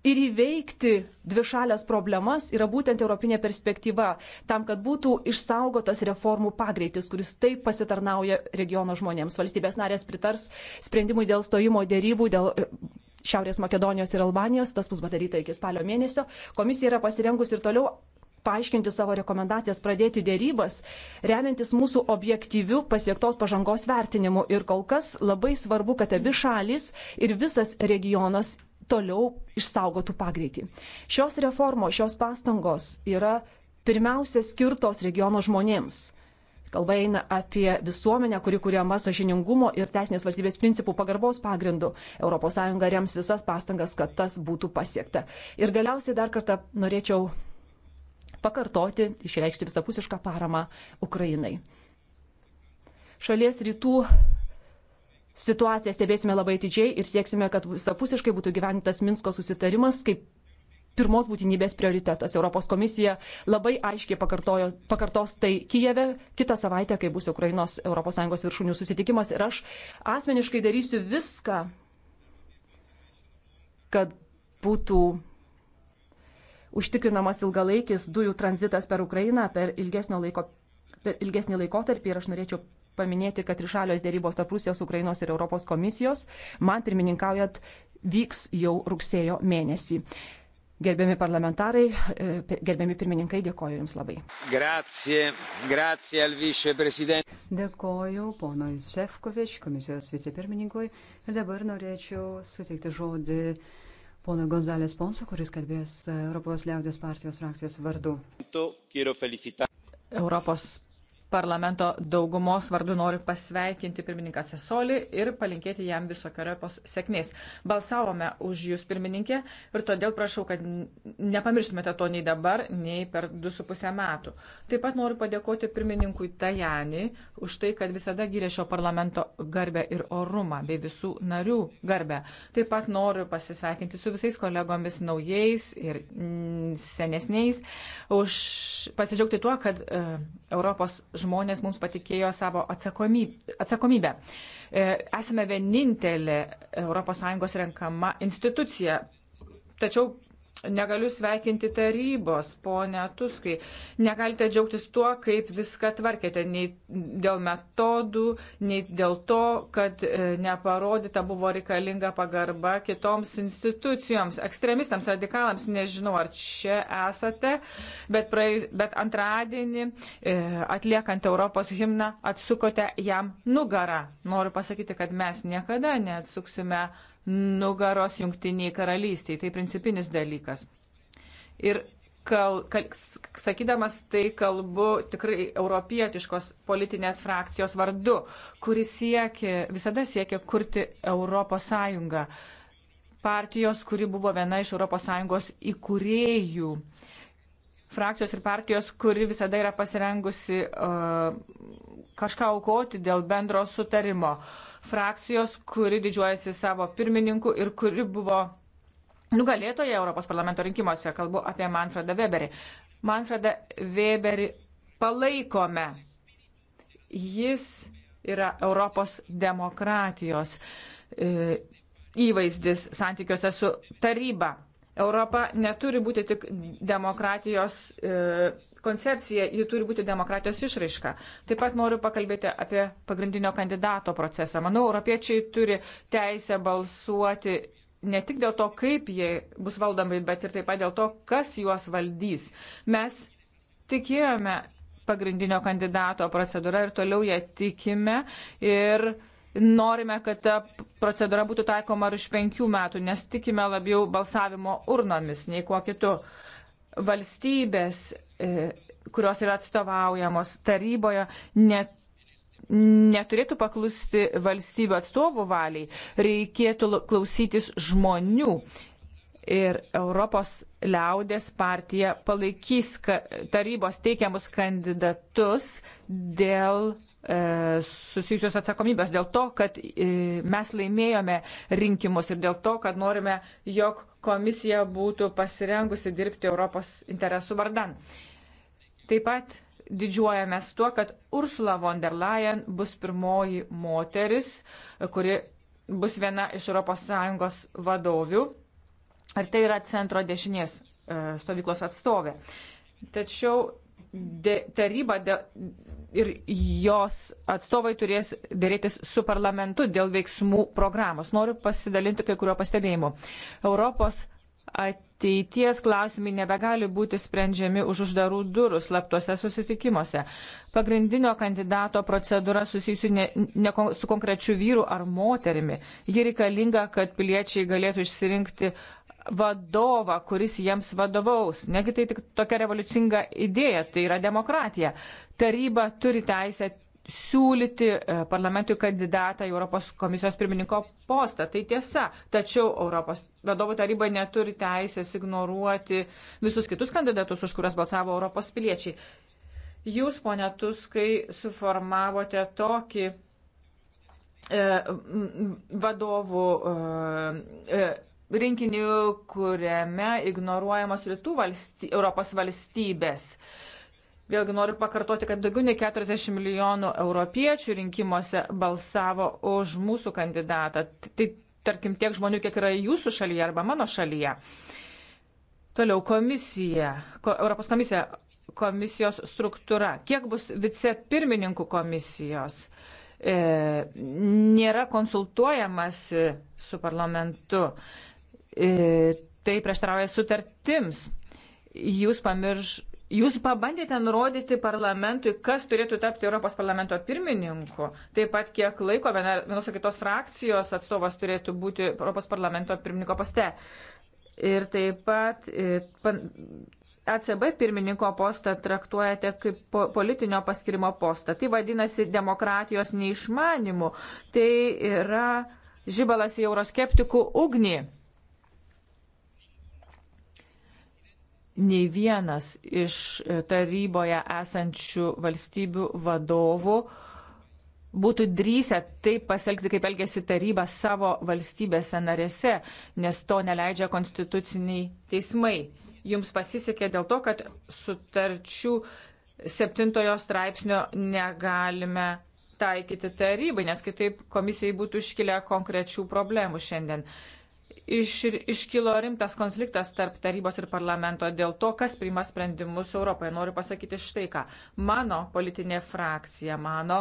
ir įveikti dvišalės problemas yra būtent europinė perspektyva, tam, kad būtų išsaugotas reformų pagreitis, kuris taip pasitarnauja regiono žmonėms. Valstybės narės pritars sprendimui dėl stojimo dėrybų, dėl e, Šiaurės Makedonijos ir Albanijos, tas bus padaryta iki spalio mėnesio. Komisija yra pasirengusi ir toliau paaiškinti savo rekomendacijas, pradėti dėrybas, remiantis mūsų objektyvių pasiektos pažangos vertinimu. Ir kol kas labai svarbu, kad abi šalis ir visas regionas toliau išsaugotų pagreitį. Šios reformos, šios pastangos yra pirmiausia skirtos regiono žmonėms. Kalba eina apie visuomenę, kuri kuriama sažiningumo ir teisinės valstybės principų pagarbos pagrindu. ES rems visas pastangas, kad tas būtų pasiekta. Ir galiausiai dar kartą norėčiau pakartoti, išreikšti visapusišką paramą Ukrainai. Šalies rytų situaciją stebėsime labai atidžiai ir sieksime, kad visapusiškai būtų gyventas Minsko susitarimas kaip pirmos būtinybės prioritetas. Europos komisija labai aiškiai pakartojo, pakartos tai Kijeve kitą savaitę, kai bus Ukrainos ES viršūnių susitikimas. Ir aš asmeniškai darysiu viską, kad būtų užtikrinamas ilgalaikis dujų tranzitas per Ukrainą per, laiko, per ilgesnį laikotarpį ir aš norėčiau paminėti, kad trišalios dėrybos tarp Rusijos, Ukrainos ir Europos komisijos, man pirmininkaujat, vyks jau rugsėjo mėnesį. Gerbiami parlamentarai, e, gerbiami pirmininkai, dėkoju Jums labai. Grazie, grazie al viceprezidentui. Dėkoju ponui Šefkovič, komisijos vicepirmininkui. Ir dabar norėčiau suteikti žodį pono Gonzalės Ponso, kuris kalbės Europos liaudės partijos frakcijos vardu. Europos parlamento daugumos vardu noriu pasveikinti pirmininką Sesolį ir palinkėti jam visokiojopos sėkmės. Balsavome už jūs pirmininkę ir todėl prašau, kad nepamirštumėte to nei dabar, nei per 2,5 metų. Taip pat noriu padėkoti pirmininkui Tajani už tai, kad visada gyrė šio parlamento garbę ir orumą bei visų narių garbę. Taip pat noriu pasisveikinti su visais kolegomis naujais ir senesniais už pasidžiaugti tuo, kad uh, Europos žmonės mums patikėjo savo atsakomybę. E, esame vienintelė ES renkama institucija. Tačiau Negaliu sveikinti tarybos, ponia Tuskai. Negalite džiaugtis tuo, kaip viską tvarkėte, nei dėl metodų, nei dėl to, kad e, neparodyta buvo reikalinga pagarba kitoms institucijoms, ekstremistams, radikalams. Nežinau, ar čia esate, bet, praeis, bet antradienį e, atliekant Europos himną atsukote jam nugarą. Noriu pasakyti, kad mes niekada neatsuksime nugarą nugaros jungtiniai karalystiai. Tai principinis dalykas. Ir kal, kal, sakydamas tai kalbu tikrai europietiškos politinės frakcijos vardu, kuris siekia, visada siekia kurti Europos Sąjungą. Partijos, kuri buvo viena iš Europos Sąjungos įkūrėjų. Frakcijos ir partijos, kuri visada yra pasirengusi uh, kažką aukoti dėl bendro sutarimo. Uh, frakcijos, kuri didžiuojasi savo pirmininku ir kuri buvo nugalėtoja Europos parlamento rinkimuose. Kalbu apie Manfredą Weberį. Manfredą Weberį palaikome. Jis yra Europos demokratijos e, įvaizdis santykiuose su taryba. Europa neturi būti tik demokratijos e, koncepcija, ji turi būti demokratijos išraiška. Taip pat noriu pakalbėti apie pagrindinio kandidato procesą. Manau, europiečiai turi teisę balsuoti ne tik dėl to, kaip jie bus valdomi, bet ir taip pat dėl to, kas juos valdys. Mes tikėjome pagrindinio kandidato procedūrą ir toliau ją tikime. Ir norime, kad ta procedūra būtų taikoma ir už penkių metų, nes tikime labiau balsavimo urnomis nei kuo kitu. Valstybės, e, kurios yra atstovaujamos taryboje, net neturėtų paklusti valstybių atstovų valiai, reikėtų klausytis žmonių. Ir Europos liaudės partija palaikys tarybos teikiamus kandidatus dėl E, susijusios atsakomybės dėl to, kad e, mes laimėjome rinkimus ir dėl to, kad norime, jog komisija būtų pasirengusi dirbti Europos interesų vardan. Taip pat didžiuojamės tuo, kad Ursula von der Leyen bus pirmoji moteris, kuri bus viena iš ES vadovių. Ar tai yra centro dešinės e, stovyklos atstovė. Tačiau de, taryba de, ir jos atstovai turės dėrėtis su parlamentu dėl veiksmų programos. Noriu pasidalinti kai kurio pastebėjimu. Europos ateities klausimai nebegali būti sprendžiami už uždarų durų slaptuose susitikimuose. Pagrindinio kandidato procedūra susijusi ne, ne su konkrečiu vyru ar moterimi. Ji reikalinga, kad piliečiai galėtų išsirinkti vadovą, kuris jiems vadovaus. Negi tai tik tokia revoliucinga idėja, tai yra demokratija. Taryba turi teisę siūlyti e, parlamentui kandidatą į Europos komisijos pirmininko postą. Tai tiesa, tačiau Europos vadovų taryba neturi teisės ignoruoti visus kitus kandidatus, už kurias balsavo Europos piliečiai. Jūs, ponia Tuskai, suformavote tokį e, vadovų e, e rinkinį, kuriame ignoruojamos rytų valsty, Europos valstybės. Vėlgi noriu pakartoti, kad daugiau nei 40 milijonų europiečių rinkimuose balsavo už mūsų kandidatą. Tai tarkim tiek žmonių, kiek yra jūsų šalyje arba mano šalyje. Toliau komisija, ko, Europos komisija, komisijos struktūra. Kiek bus vicepirmininkų komisijos? E, nėra konsultuojamas su parlamentu. E, tai prieštarauja sutartims. Jūs pamirš, jūs pabandėte nurodyti parlamentui, kas turėtų tapti Europos parlamento pirmininku, taip pat kiek laiko viena, vienos ar kitos frakcijos atstovas turėtų būti Europos parlamento pirmininko poste. Ir taip pat pan, ECB pirmininko postą traktuojate kaip po, politinio paskirimo postą. Tai vadinasi demokratijos neišmanimu. Tai yra žibalas į euroskeptikų ugnį. nei vienas iš e, taryboje esančių valstybių vadovų būtų drįsę taip pasielgti, kaip elgėsi taryba savo valstybėse narėse, nes to neleidžia konstituciniai teismai. Jums pasisekė dėl to, kad sutarčių septintojo straipsnio negalime taikyti tarybai, nes kitaip komisijai būtų iškilę konkrečių problemų šiandien iš, iškilo rimtas konfliktas tarp tarybos ir parlamento dėl to, kas priima sprendimus Europoje. Noriu pasakyti štai ką. Mano politinė frakcija mano,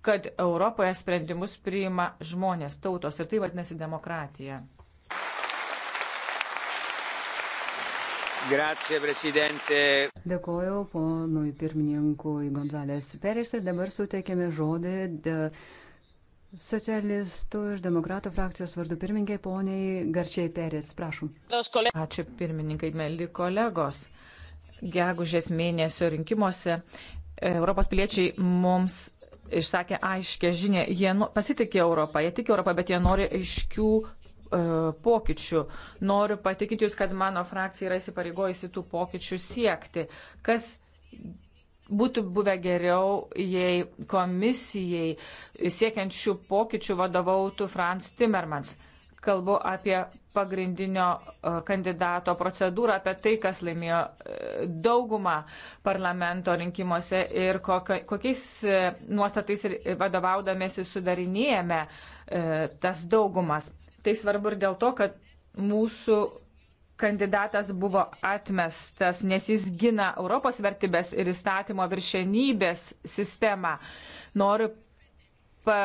kad Europoje sprendimus priima žmonės, tautos ir tai vadinasi demokratija. Grazie, prezidente. Dėkoju ponui pirmininkui Gonzalės Peris ir dabar suteikėme žodį. De... Socialistų ir demokratų frakcijos vardu pirmininkė poniai Garčiai Perės, prašom. Ačiū pirmininkai, mėly kolegos. Gegužės mėnesio rinkimuose e, Europos piliečiai mums išsakė aiškę žinę, jie pasitikė Europą, jie tiki Europą, bet jie nori aiškių e, pokyčių. Noriu patikinti Jūs, kad mano frakcija yra įsipareigojusi tų pokyčių siekti. Kas būtų buvę geriau, jei komisijai siekiant šių pokyčių vadovautų Franz Timmermans. Kalbu apie pagrindinio e, kandidato procedūrą, apie tai, kas laimėjo e, daugumą parlamento rinkimuose ir kokiais e, nuostatais vadovaudamėsi sudarinėjame tas daugumas. Tai svarbu ir dėl to, kad mūsų kandidatas buvo atmestas, nes jis gina Europos vertybės ir įstatymo viršenybės sistemą. Noriu pa,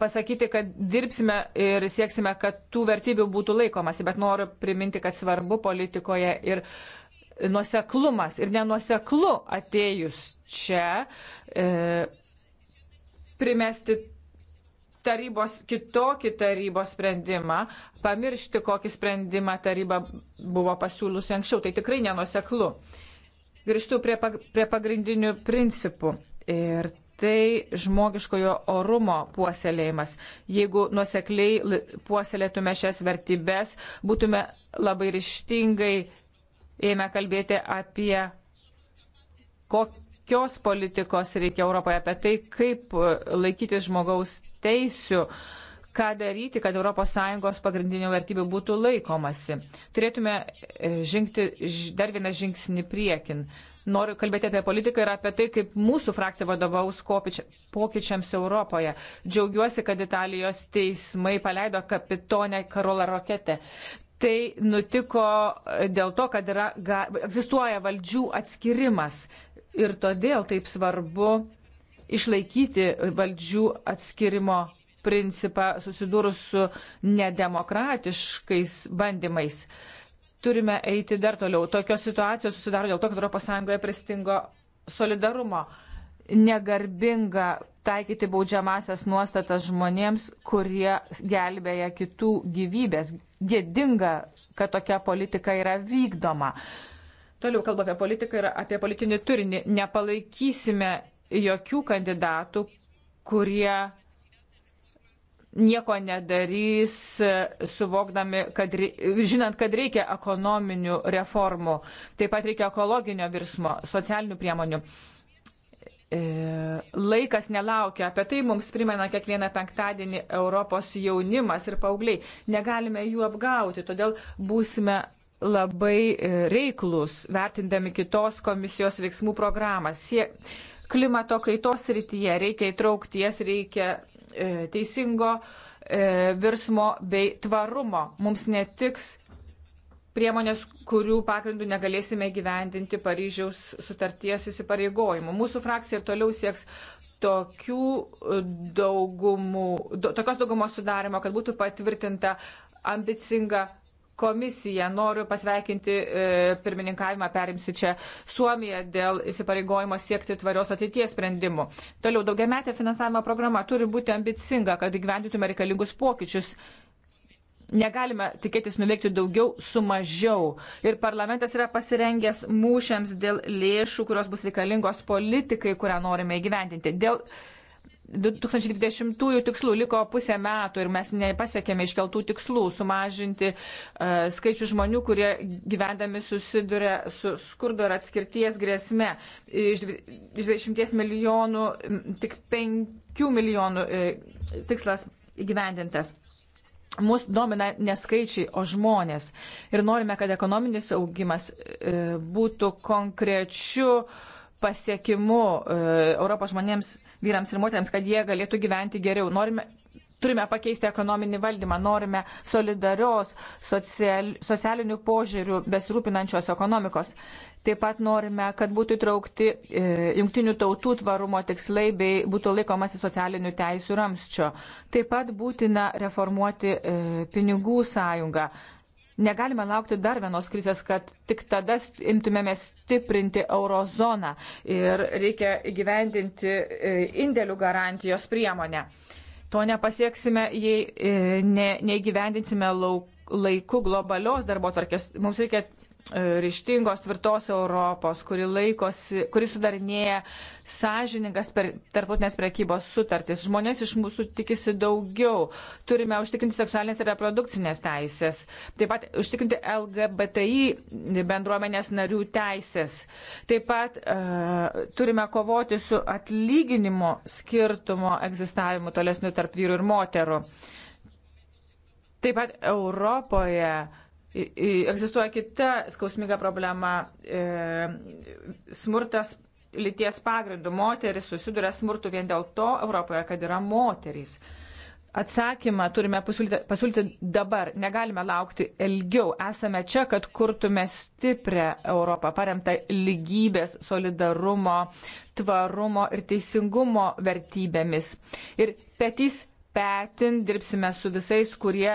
pasakyti, kad dirbsime ir sieksime, kad tų vertybių būtų laikomasi, bet noriu priminti, kad svarbu politikoje ir nuoseklumas ir nenuoseklu atėjus čia e, primesti tarybos, kitokį tarybos sprendimą, pamiršti, kokį sprendimą taryba buvo pasiūlusi anksčiau. Tai tikrai nenuseklu. Grįžtu prie, prie pagrindinių principų. Ir tai žmogiškojo orumo puoselėjimas. Jeigu nuosekliai puoselėtume šias vertybės, būtume labai ryštingai ėmę kalbėti apie kokios politikos reikia Europoje, apie tai, kaip laikytis žmogaus teisių, ką daryti, kad ES pagrindinių vertybių būtų laikomasi. Turėtume e, žingti dar vieną žingsnį priekin. Noriu kalbėti apie politiką ir apie tai, kaip mūsų frakcija vadovaus pokyčiams Europoje. Džiaugiuosi, kad Italijos teismai paleido kapitonę Karolą Roketę. Tai nutiko e, dėl to, kad yra, ga, egzistuoja valdžių atskirimas ir todėl taip svarbu išlaikyti valdžių atskirimo principą susidūrus su nedemokratiškais bandymais. Turime eiti dar toliau. Tokios situacijos susidaro dėl to, kad ES pristingo solidarumo. Negarbinga taikyti baudžiamasias nuostatas žmonėms, kurie gelbėja kitų gyvybės. Gėdinga, kad tokia politika yra vykdoma. Toliau kalba apie politiką ir apie politinį turinį. Nepalaikysime jokių kandidatų, kurie nieko nedarys, e, suvokdami, kad, žinant, kad reikia ekonominių reformų, taip pat reikia ekologinio virsmo, socialinių priemonių. E, laikas nelaukia, apie tai mums primena kiekvieną penktadienį Europos jaunimas ir paaugliai. Negalime jų apgauti, todėl būsime labai e, reiklus, vertindami kitos komisijos veiksmų programą. Sie klimato kaitos rytyje. Reikia įtraukties, reikia e, teisingo e, virsmo bei tvarumo. Mums netiks priemonės, kurių pagrindų negalėsime gyvendinti Paryžiaus sutarties įsipareigojimų. Mūsų frakcija ir toliau sieks tokių e, daugumų, do, tokios daugumos sudarimo, kad būtų patvirtinta ambicinga komisiją. Noriu pasveikinti e, pirmininkavimą, perimsiu čia Suomiją dėl įsipareigojimo siekti tvarios ateities sprendimų. Toliau, daugiametė finansavimo programa turi būti ambicinga, kad įgyvendytume reikalingus pokyčius negalime tikėtis nuveikti daugiau su mažiau. Ir parlamentas yra pasirengęs mūšiams dėl lėšų, kurios bus reikalingos politikai, kurią norime įgyvendinti. Dėl 2020 tikslų liko pusę metų ir mes nepasiekėme iškeltų tikslų sumažinti uh, skaičių žmonių, kurie gyvendami susiduria su skurdo ir atskirties grėsme. Iš 20 milijonų tik 5 milijonų uh, tikslas įgyvendintas. Mūsų domina ne skaičiai, o žmonės. Ir norime, kad ekonominis augimas uh, būtų konkrečiu uh, pasiekimu e, Europos žmonėms, vyrams ir moteriams, kad jie galėtų gyventi geriau. Norime, turime pakeisti ekonominį valdymą, norime solidarios social, socialinių požiūrių besirūpinančios ekonomikos. Taip pat norime, kad būtų įtraukti e, jungtinių tautų tvarumo tikslai bei būtų laikomasi socialinių teisų ramščio. Taip pat būtina reformuoti e, pinigų sąjungą. Negalime laukti dar vienos krizės, kad tik tada imtumėme stiprinti eurozoną ir reikia gyvendinti e, indėlių garantijos priemonę. To nepasieksime, jei e, neįgyvendinsime laiku globalios darbo tvarkės. Mums reikia E, ryštingos tvirtos Europos, kuri laikosi, kuri sudarinėja sąžiningas per, tarptautinės prekybos sutartis. Žmonės iš mūsų tikisi daugiau. Turime užtikrinti seksualinės ir reprodukcinės teisės. Taip pat užtikrinti LGBTI bendruomenės narių teisės. Taip pat e, turime kovoti su atlyginimo skirtumo egzistavimu tolesniu tarp vyrų ir moterų. Taip pat Europoje Egzistuoja kita skausminga problema e, - smurtas lyties pagrindų. Moteris susiduria smurtu vien dėl to Europoje, kad yra moterys. Atsakymą turime pasiūlyti, pasiūlyti dabar, negalime laukti ilgiau. Esame čia, kad kurtume stiprią Europą, paremtą lygybės, solidarumo, tvarumo ir teisingumo vertybėmis. Ir petys petin dirbsime su visais, kurie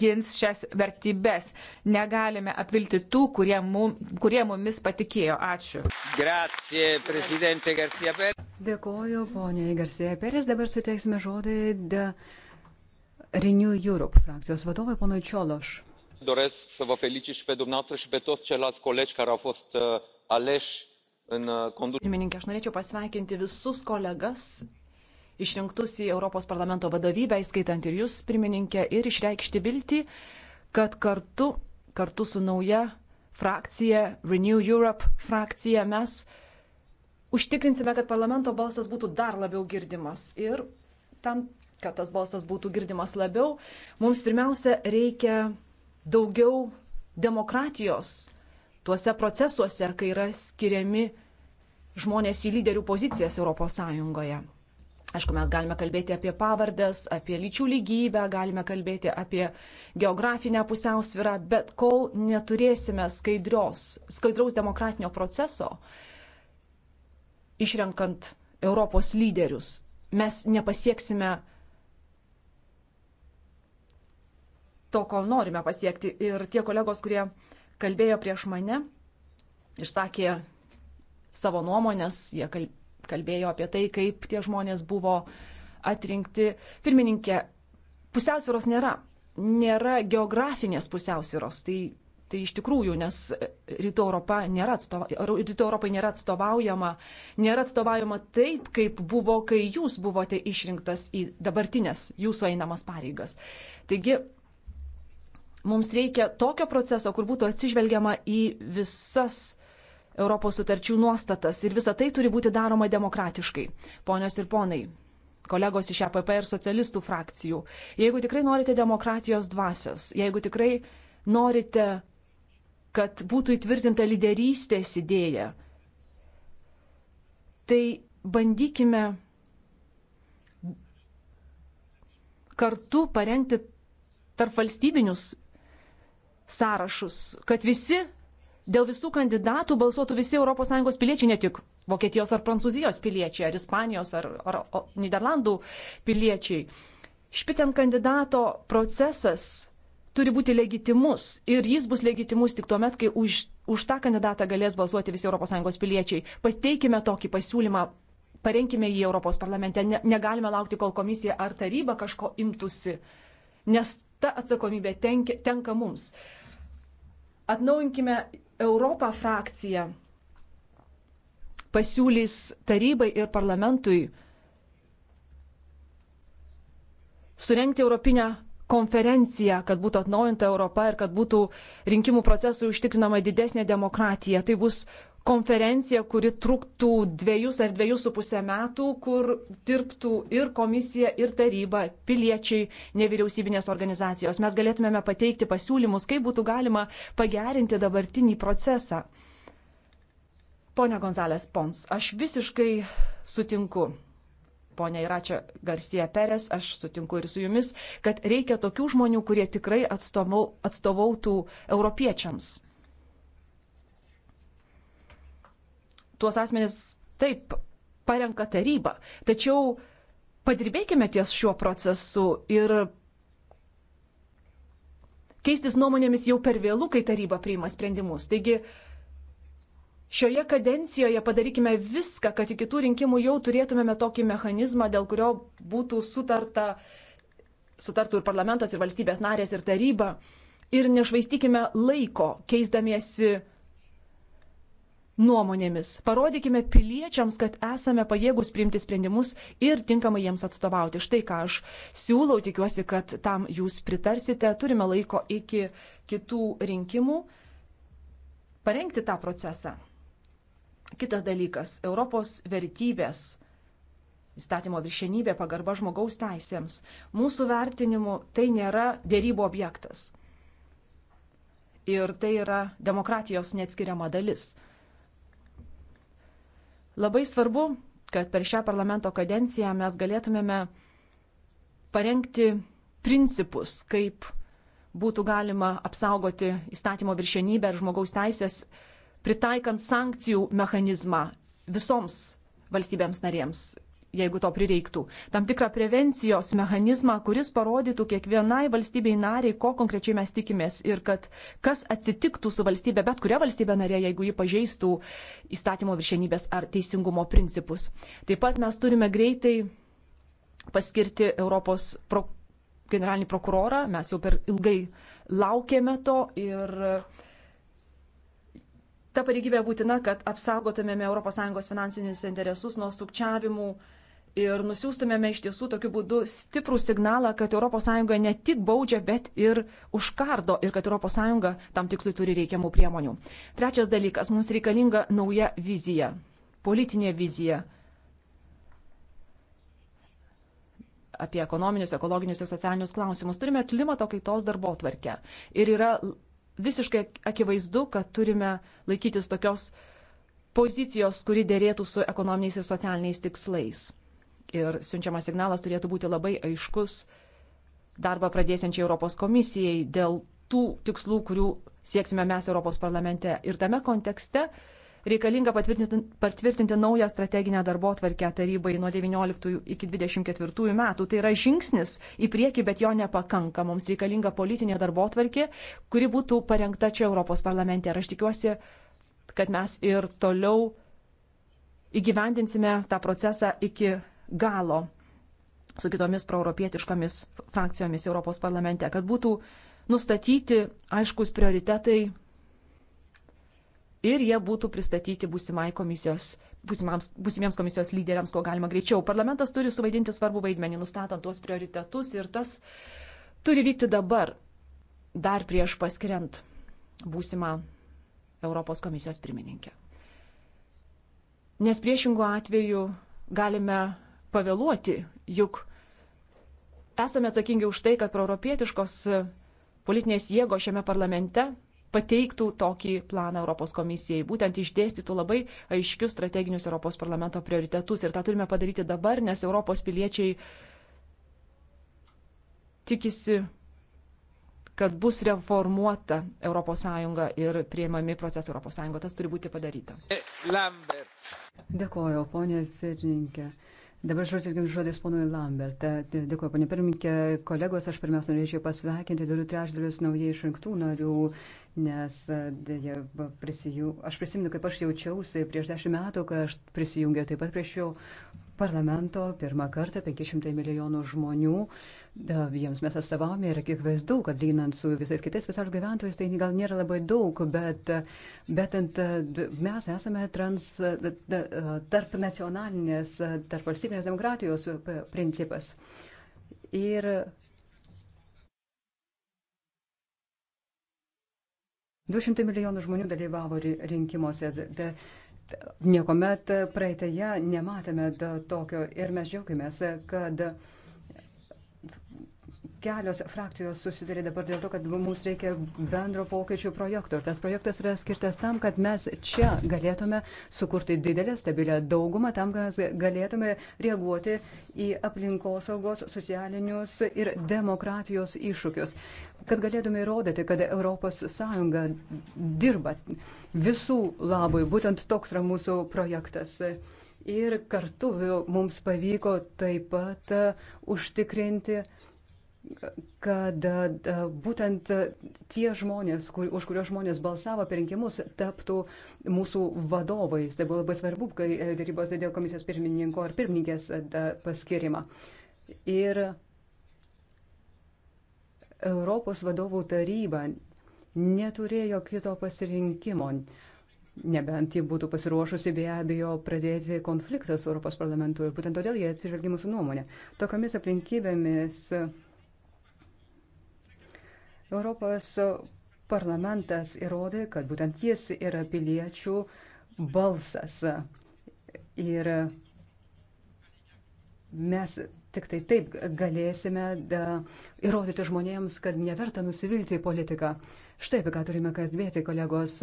gins šias vertybės. Negalime apvilti tų, kurie, mum, kurie mumis patikėjo. Ačiū. Grazie, prezidentė Garcia Perez. Dėkoju, ponė Garcia Perez. Dabar suteiksime žodį de Renew Europe frakcijos vadovai, ponui Čiološ. Doresc să vă felicit și pe dumneavoastră și pe toți ceilalți colegi care au fost uh, aleși în uh, conducerea. Pirmininkė, aš norėčiau pasveikinti visus kolegas išrinktus į Europos parlamento vadovybę, įskaitant ir jūs, pirmininkė, ir išreikšti viltį, kad kartu, kartu su nauja frakcija, Renew Europe frakcija, mes užtikrinsime, kad parlamento balsas būtų dar labiau girdimas. Ir tam, kad tas balsas būtų girdimas labiau, mums pirmiausia reikia daugiau demokratijos tuose procesuose, kai yra skiriami žmonės į lyderių pozicijas ES. Aišku, mes galime kalbėti apie pavardes, apie lyčių lygybę, galime kalbėti apie geografinę pusiausvyrą, bet kol neturėsime skaidrios, skaidraus demokratinio proceso, išrenkant Europos lyderius, mes nepasieksime to, ko norime pasiekti. Ir tie kolegos, kurie kalbėjo prieš mane, išsakė savo nuomonės, jie kalb kalbėjo apie tai, kaip tie žmonės buvo atrinkti. Pirmininkė, pusiausviros nėra. Nėra geografinės pusiausviros. Tai, tai iš tikrųjų, nes rytų, Europa nėra atstova, rytų Europai nėra atstovaujama, nėra atstovaujama taip, kaip buvo, kai jūs buvote išrinktas į dabartinės jūsų einamas pareigas. Taigi, mums reikia tokio proceso, kur būtų atsižvelgiama į visas Europos sutarčių nuostatas ir visa tai turi būti daroma demokratiškai. Ponios ir ponai, kolegos iš APP ir socialistų frakcijų, jeigu tikrai norite demokratijos dvasios, jeigu tikrai norite, kad būtų įtvirtinta lyderystės idėja, tai bandykime kartu parengti tarp valstybinius sąrašus, kad visi dėl visų kandidatų balsuotų visi ES piliečiai, ne tik Vokietijos ar Prancūzijos piliečiai, ar Ispanijos ar, ar, ar Niderlandų piliečiai. Špicen kandidato procesas turi būti legitimus ir jis bus legitimus tik tuomet, kai už, už tą kandidatą galės balsuoti visi ES piliečiai. Pateikime tokį pasiūlymą, parenkime jį Europos parlamente, ne, negalime laukti, kol komisija ar taryba kažko imtųsi, nes ta atsakomybė tenki, tenka mums. Atnaujinkime Europą frakciją pasiūlys tarybai ir parlamentui surenkti Europinę konferenciją, kad būtų atnaujinta Europa ir kad būtų rinkimų procesui užtikrinama didesnė demokratija. Tai bus konferencija, kuri truktų dviejus ar dviejus su pusę metų, kur dirbtų ir komisija, ir taryba, piliečiai, nevyriausybinės organizacijos. Mes galėtumėme pateikti pasiūlymus, kaip būtų galima pagerinti dabartinį procesą. Pone Gonzalės Pons, aš visiškai sutinku ponia Iračia Garcia Perez, aš sutinku ir su jumis, kad reikia tokių žmonių, kurie tikrai atstovau, atstovautų europiečiams. tuos asmenis taip parenka taryba. Tačiau padirbėkime ties šiuo procesu ir keistis nuomonėmis jau per vėlų, kai taryba priima sprendimus. Taigi šioje kadencijoje padarykime viską, kad iki tų rinkimų jau turėtumėme tokį mechanizmą, dėl kurio būtų sutarta, sutartų ir parlamentas, ir valstybės narės, ir taryba. Ir nešvaistykime laiko keisdamiesi nuomonėmis. Parodykime piliečiams, kad esame pajėgus priimti sprendimus ir tinkamai jiems atstovauti. Štai ką aš siūlau, tikiuosi, kad tam jūs pritarsite. Turime laiko iki kitų rinkimų parengti tą procesą. Kitas dalykas - Europos vertybės. Įstatymo viršenybė, pagarba žmogaus teisėms. Mūsų vertinimu tai nėra dėrybų objektas. Ir tai yra demokratijos neatskiriama dalis. Labai svarbu, kad per šią parlamento kadenciją mes galėtumėme parengti principus, kaip būtų galima apsaugoti įstatymo viršenybę ir žmogaus teisės, pritaikant sankcijų mechanizmą visoms valstybėms narėms jeigu to prireiktų. Tam tikrą prevencijos mechanizmą, kuris parodytų kiekvienai valstybei nariai, ko konkrečiai mes tikimės ir kad kas atsitiktų su valstybė, bet kuria valstybė narė, jeigu ji pažeistų įstatymo viršenybės ar teisingumo principus. Taip pat mes turime greitai paskirti Europos pro, generalinį prokurorą, mes jau per ilgai laukėme to ir ta pareigybė būtina, kad apsaugotumėme ES finansinius interesus nuo sukčiavimų, ir nusiųstumėme iš tiesų tokiu būdu stiprų signalą, kad ES ne tik baudžia, bet ir užkardo ir kad ES tam tikslui turi reikiamų priemonių. Trečias dalykas - mums reikalinga nauja vizija, politinė vizija apie ekonominius, ekologinius ir socialinius klausimus. Turime klimato kaitos darbo tvarkę. Ir yra visiškai akivaizdu, kad turime laikytis tokios pozicijos, kuri dėrėtų su ekonominiais ir socialiniais tikslais ir siunčiamas signalas turėtų būti labai aiškus darbą pradėsiančiai Europos komisijai dėl tų tikslų, kurių sieksime mes Europos parlamente. Ir tame kontekste reikalinga patvirtinti, patvirtinti naują strateginę darbo tvarkę tarybai nuo 19 iki 24 metų. Tai yra žingsnis į priekį, bet jo nepakanka. Mums reikalinga politinė darbo tvarkė, kuri būtų parengta čia Europos parlamente. Ir aš tikiuosi, kad mes ir toliau įgyvendinsime tą procesą iki galo su kitomis proeuropietiškomis frakcijomis Europos parlamente, kad būtų nustatyti aiškus prioritetai ir jie būtų pristatyti būsimai komisijos, būsimams, būsimiems komisijos lyderiams, ko galima greičiau. Parlamentas turi suvaidinti svarbų vaidmenį, nustatant tuos prioritetus ir tas turi vykti dabar, dar prieš paskiriant būsimą Europos komisijos pirmininkę. Nes priešingų atveju galime pavėluoti, juk esame atsakingi už tai, kad proeuropietiškos e, politinės jėgos šiame parlamente pateiktų tokį planą Europos komisijai, būtent išdėstytų labai aiškius strateginius Europos parlamento prioritetus. Ir tą turime padaryti dabar, nes Europos piliečiai tikisi, kad bus reformuota ES ir prieimami procesai ES. Tas turi būti padaryta. Lambert. Dėkoju, ponė Firinkė. Dabar aš atsigiu žodis ponui Lambert. Dėkuoju, ponė pirmininkė, kolegos, aš pirmiausia norėčiau pasveikinti du trečdalius naujai išrinktų narių, nes dėja, prisijų... aš prisimenu, kaip aš jaučiausi prieš dešimt metų, kai aš prisijungiau taip pat prie šio parlamento pirmą kartą 500 milijonų žmonių. Uh, jiems mes atstovavome ir akivaizdu, kad lyginant su visais kitais pasaulio gyventojais, tai gal nėra labai daug, bet, bet ant, mes esame trans, tarp nacionalinės, tarp valstybinės demokratijos principas. Ir du šimtai milijonų žmonių dalyvavo rinkimuose. De, de, niekuomet praeitėje nematėme tokio ir mes džiaugiamės, kad uh, kelios frakcijos susidarė dabar dėl to, kad mums reikia bendro pokyčių projekto. Tas projektas yra skirtas tam, kad mes čia galėtume sukurti didelę stabilę daugumą, tam, kad galėtume reaguoti į aplinkosaugos, socialinius ir demokratijos iššūkius. Kad galėtume įrodyti, kad ES dirba visų labui. Būtent toks yra mūsų projektas. Ir kartu mums pavyko taip pat užtikrinti, kad e, būtent tie žmonės, kur, už kuriuos žmonės balsavo per rinkimus, taptų mūsų vadovais. Tai buvo labai svarbu, kai e, darybos dėl komisijos pirmininko ar pirmininkės e, paskirimą. Ir Europos vadovų taryba neturėjo kito pasirinkimo, nebent ji būtų pasiruošusi be abejo pradėti konfliktą su Europos parlamentu. Ir būtent todėl jie atsižvelgia mūsų nuomonę. Tokiamis aplinkybėmis Europos parlamentas įrodė, kad būtent jis yra piliečių balsas. Ir mes tik tai taip galėsime da, įrodyti žmonėms, kad neverta nusivilti politiką. Štai apie ką turime kalbėti, kolegos,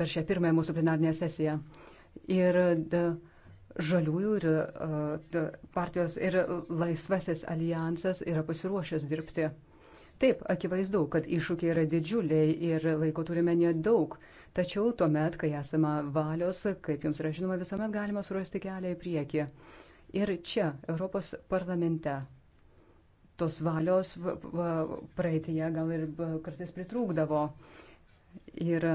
per šią pirmąją mūsų plenarnę sesiją. Ir da, žaliųjų ir da, partijos ir laisvasis alijansas yra pasiruošęs dirbti. Taip, akivaizdu, kad iššūkiai yra didžiuliai ir laiko turime nedaug, tačiau tuomet, kai esame valios, kaip jums yra žinoma, visuomet galima surasti kelią į priekį. Ir čia, Europos parlamente, tos valios praeitėje gal ir kartais pritrūkdavo. Ir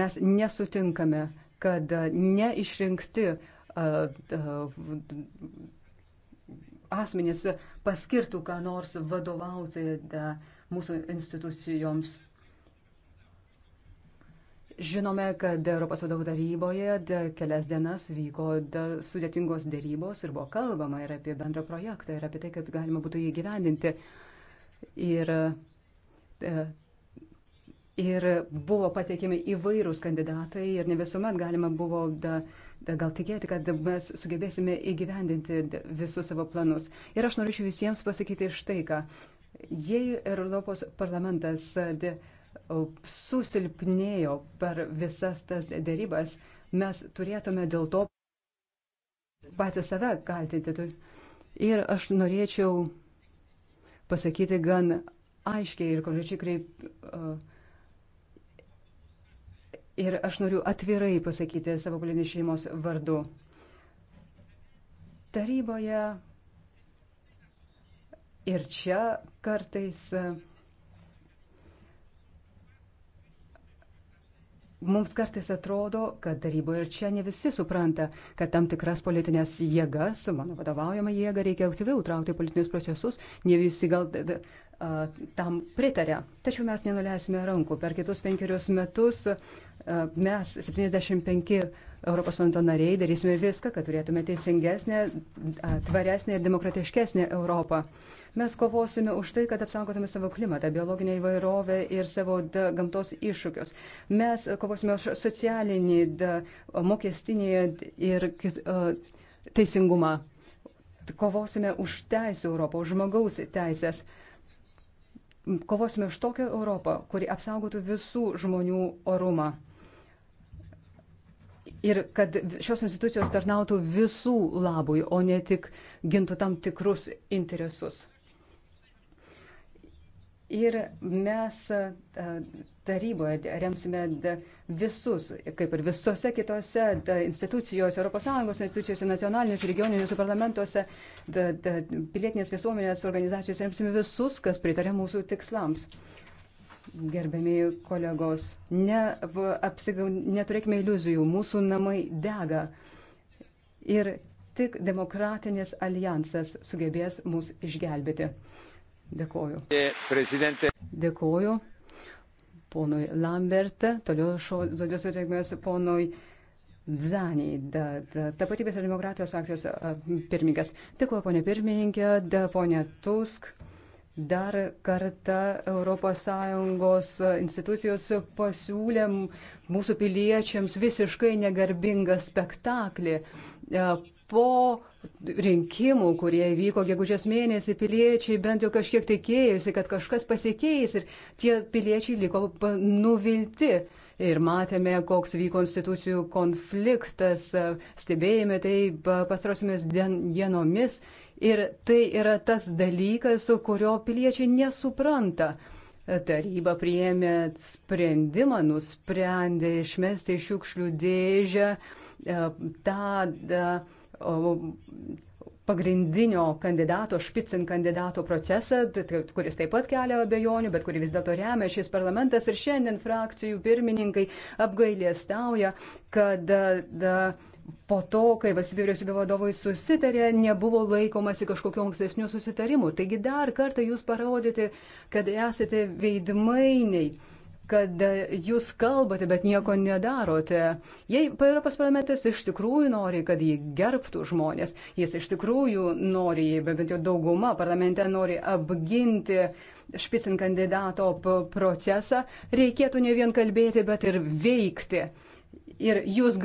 mes nesutinkame, kad neišrinkti asmenys paskirtų, ką nors vadovauti mūsų institucijoms. Žinome, kad Europos vadovų taryboje kelias dienas vyko sudėtingos dėrybos ir buvo kalbama ir apie bendrą projektą, ir apie tai, kaip galima būtų jį gyvendinti. Ir, ir buvo pateikiami įvairūs kandidatai ir ne visuomet galima buvo da, uh, gal tikėti, kad mes sugebėsime įgyvendinti visus savo planus. Ir aš norėčiau visiems pasakyti štai ką. Jei Europos parlamentas susilpnėjo per visas tas dėrybas, mes turėtume dėl to patį save kaltinti. Ir aš norėčiau pasakyti gan aiškiai ir konkrečiai kreip. Uh, Ir aš noriu atvirai pasakyti savo politinės šeimos vardu. Taryboje ir čia kartais mums kartais atrodo, kad taryboje ir čia ne visi supranta, kad tam tikras politinės jėgas, mano vadovaujama jėga, reikia aktyviau traukti politinius procesus, ne visi gal tam pritarė. Tačiau mes nenuleisime rankų. Per kitus penkerius metus mes 75 Europos parlamento nariai darysime viską, kad turėtume teisingesnę, tvaresnę ir demokratiškesnę Europą. Mes kovosime už tai, kad apsaugotume savo klimatą, biologinę įvairovę ir savo da, gamtos iššūkius. Mes kovosime už socialinį, da, mokestinį ir kit, a, teisingumą. Kovosime už teisę Europą, už žmogaus teisės. Kovosime už tokią Europą, kuri apsaugotų visų žmonių orumą. Ir kad šios institucijos tarnautų visų labui, o ne tik gintų tam tikrus interesus. Ir mes taryboje remsime visus, kaip ir visose kitose institucijose, ES institucijose, nacionaliniuose, regioniniuose parlamentuose, da, da, pilietinės visuomenės organizacijose, remsime visus, kas pritarė mūsų tikslams. Gerbėmiai kolegos, ne, v, apsigau, neturėkime iliuzijų, mūsų namai dega. Ir tik demokratinis alijansas sugebės mus išgelbėti. Dėkoju. Prezidentė. Dėkoju ponui Lambert, toliau žodžiu suteikmės ponui Dzanį, tapatybės ir demokratijos frakcijos pirmininkas. Dėkuoju, ponė pirmininkė, de, ponė Tusk. Dar kartą ES institucijos pasiūlė mūsų piliečiams visiškai negarbingą spektaklį po rinkimų, kurie vyko gegužės mėnesį, piliečiai bent jau kažkiek tikėjusi, kad kažkas pasikeis ir tie piliečiai liko nuvilti. Ir matėme, koks vyko konstitucijų konfliktas, stebėjome tai pastrosiamis dienomis. Ir tai yra tas dalykas, su kurio piliečiai nesupranta. Taryba priėmė sprendimą, nusprendė išmesti šiukšlių dėžę e, tą. tą pagrindinio kandidato, špicin kandidato procesą, kuris taip pat kelia abejonių, bet kurį vis dėlto remia šis parlamentas. Ir šiandien frakcijų pirmininkai apgailė stauja, kad da, po to, kai vyriausybė vadovai susitarė, nebuvo laikomasi kažkokiu ankstesniu susitarimu. Taigi dar kartą jūs parodyti, kad esate veidmainiai kad e, jūs kalbate, bet nieko nedarote. Jei Europos parlamentas iš tikrųjų nori, kad jį gerbtų žmonės, jis iš tikrųjų nori, bent jau dauguma parlamente nori apginti špicin kandidato procesą, reikėtų ne vien kalbėti, bet ir veikti ir jūs,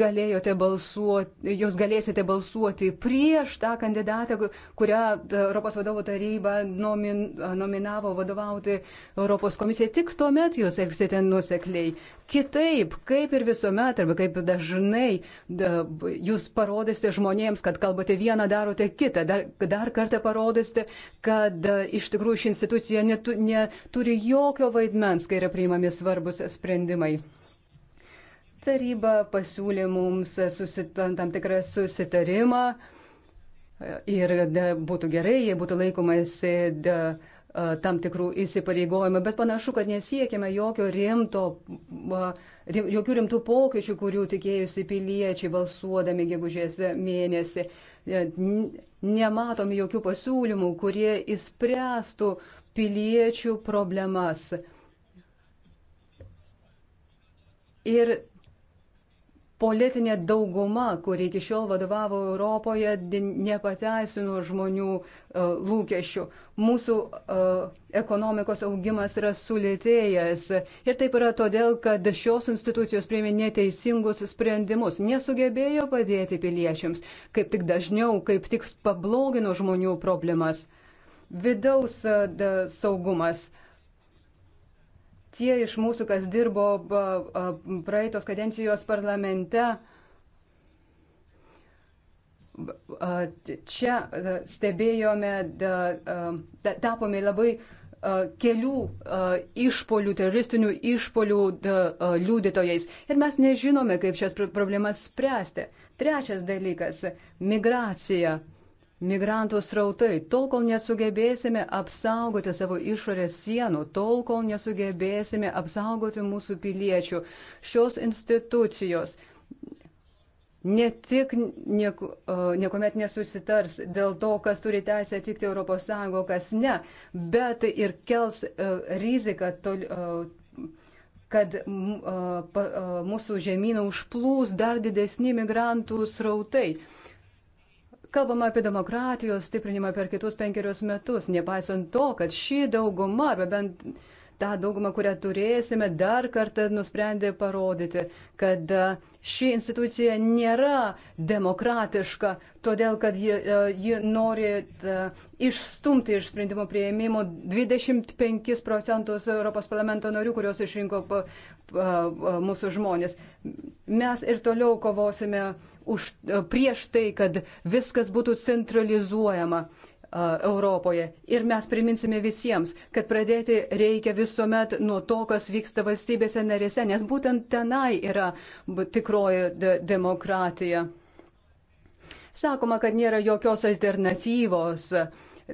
balsuoti, jūs galėsite balsuoti prieš tą kandidatą, kurią e, Europos vadovų taryba nomin, nominavo vadovauti Europos komisijai. Tik tuomet jūs elgsite nusekliai. Kitaip, kaip ir visuomet, arba kaip dažnai, jūs parodysite žmonėms, kad kalbate vieną, darote kitą. Dar, dar kartą parodysite, kad e, iš tikrųjų ši institucija netu, neturi jokio vaidmens, kai yra priimami svarbus sprendimai. Taryba pasiūlė mums susit, tam tikrą susitarimą ir būtų gerai, jei būtų laikomasi tam tikrų įsipareigojimų, bet panašu, kad nesiekime jokio rimto, rim, jokių rimtų pokyčių, kurių tikėjusi piliečiai balsuodami gegužės mėnesį. Nematom jokių pasiūlymų, kurie įspręstų piliečių problemas. Ir politinė dauguma, kuri iki šiol vadovavo Europoje, nepateisino žmonių e, lūkesčių. Mūsų e, ekonomikos augimas yra sulėtėjęs. Ir taip yra todėl, kad šios institucijos priėmė neteisingus sprendimus, nesugebėjo padėti piliečiams, kaip tik dažniau, kaip tik pablogino žmonių problemas. Vidaus e, saugumas tie iš mūsų, kas dirbo praeitos kadencijos parlamente, čia stebėjome, tapome labai kelių išpolių, teroristinių išpolių liūdytojais. Ir mes nežinome, kaip šias problemas spręsti. Trečias dalykas - migracija migrantų srautai, tol kol nesugebėsime apsaugoti savo išorės sienų, tol kol nesugebėsime apsaugoti mūsų piliečių, šios institucijos ne tik nieko, niekuomet nesusitars dėl to, kas turi teisę atvykti ES, kas ne, bet ir kels e, riziką, tol, e, kad e, mūsų žemyną užplūs dar didesni migrantų srautai. Kalbama apie demokratijos stiprinimą per kitus penkerius metus, nepaisant to, kad ši dauguma, arba bent tą daugumą, kurią turėsime, dar kartą nusprendė parodyti, kad e, ši institucija nėra demokratiška, todėl kad ji, e, ji nori e, išstumti iš sprendimo prieimimo 25 procentus Europos parlamento narių, kurios išrinko mūsų žmonės. Mes ir toliau kovosime už, e, prieš tai, kad viskas būtų centralizuojama e, Europoje. Ir mes priminsime visiems, kad pradėti reikia visuomet nuo to, kas vyksta valstybėse narėse, nes būtent tenai yra tikroji de demokratija. Sakoma, kad nėra jokios alternatyvos.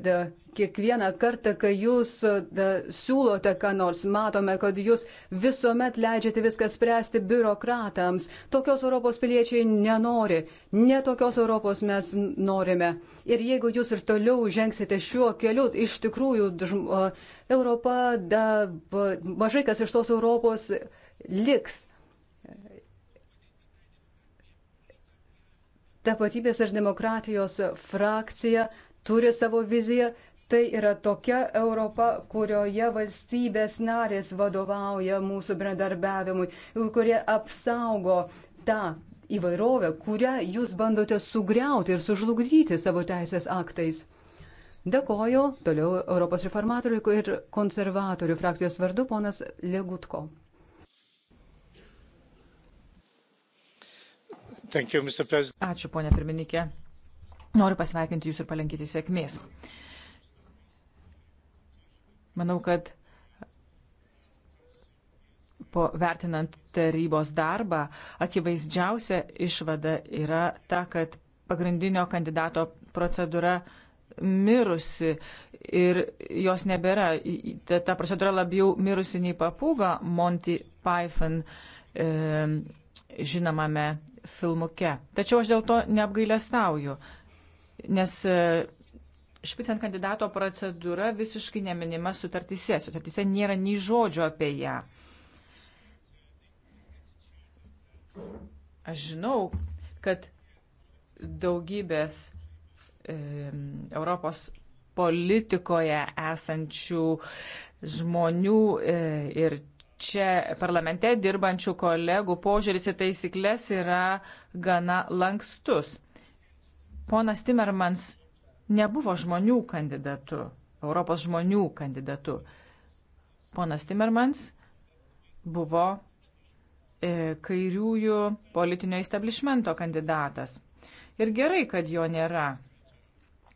De, Kiekvieną kartą, kai jūs e, da, siūlote, ką nors matome, kad jūs visuomet leidžiate viską spręsti biurokratams. Tokios Europos piliečiai nenori. Ne tokios Europos mes norime. Ir jeigu jūs ir toliau žengsite šiuo keliu, iš tikrųjų Europa, da, mažai kas iš tos Europos liks. Tapatybės ir demokratijos frakcija turi savo viziją, Tai yra tokia Europa, kurioje valstybės narės vadovauja mūsų bendradarbiavimui, kurie apsaugo tą įvairovę, kurią jūs bandote sugriauti ir sužlugdyti savo teisės aktais. Dėkoju toliau Europos reformatorių ir konservatorių frakcijos vardu ponas Legutko. You, Ačiū, ponė pirmininkė. Noriu pasveikinti Jūs ir palinkėti sėkmės. Manau, kad po vertinant tarybos darbą, akivaizdžiausia išvada yra ta, kad pagrindinio kandidato procedūra mirusi ir jos nebėra. Ta, ta procedūra labiau mirusi nei papūga Monty Python e, žinomame filmuke. Tačiau aš dėl to neapgailestauju, nes e, špicent kandidato procedūra visiškai neminima sutartyse. Sutartyse nėra nei žodžio apie ją. Aš žinau, kad daugybės e, Europos politikoje esančių žmonių e, ir čia parlamente dirbančių kolegų požiūris į taisyklės yra gana lankstus. Ponas Timermans nebuvo žmonių kandidatu, Europos žmonių kandidatu. Ponas Timmermans buvo e, kairiųjų politinio establishmento kandidatas. Ir gerai, kad jo nėra.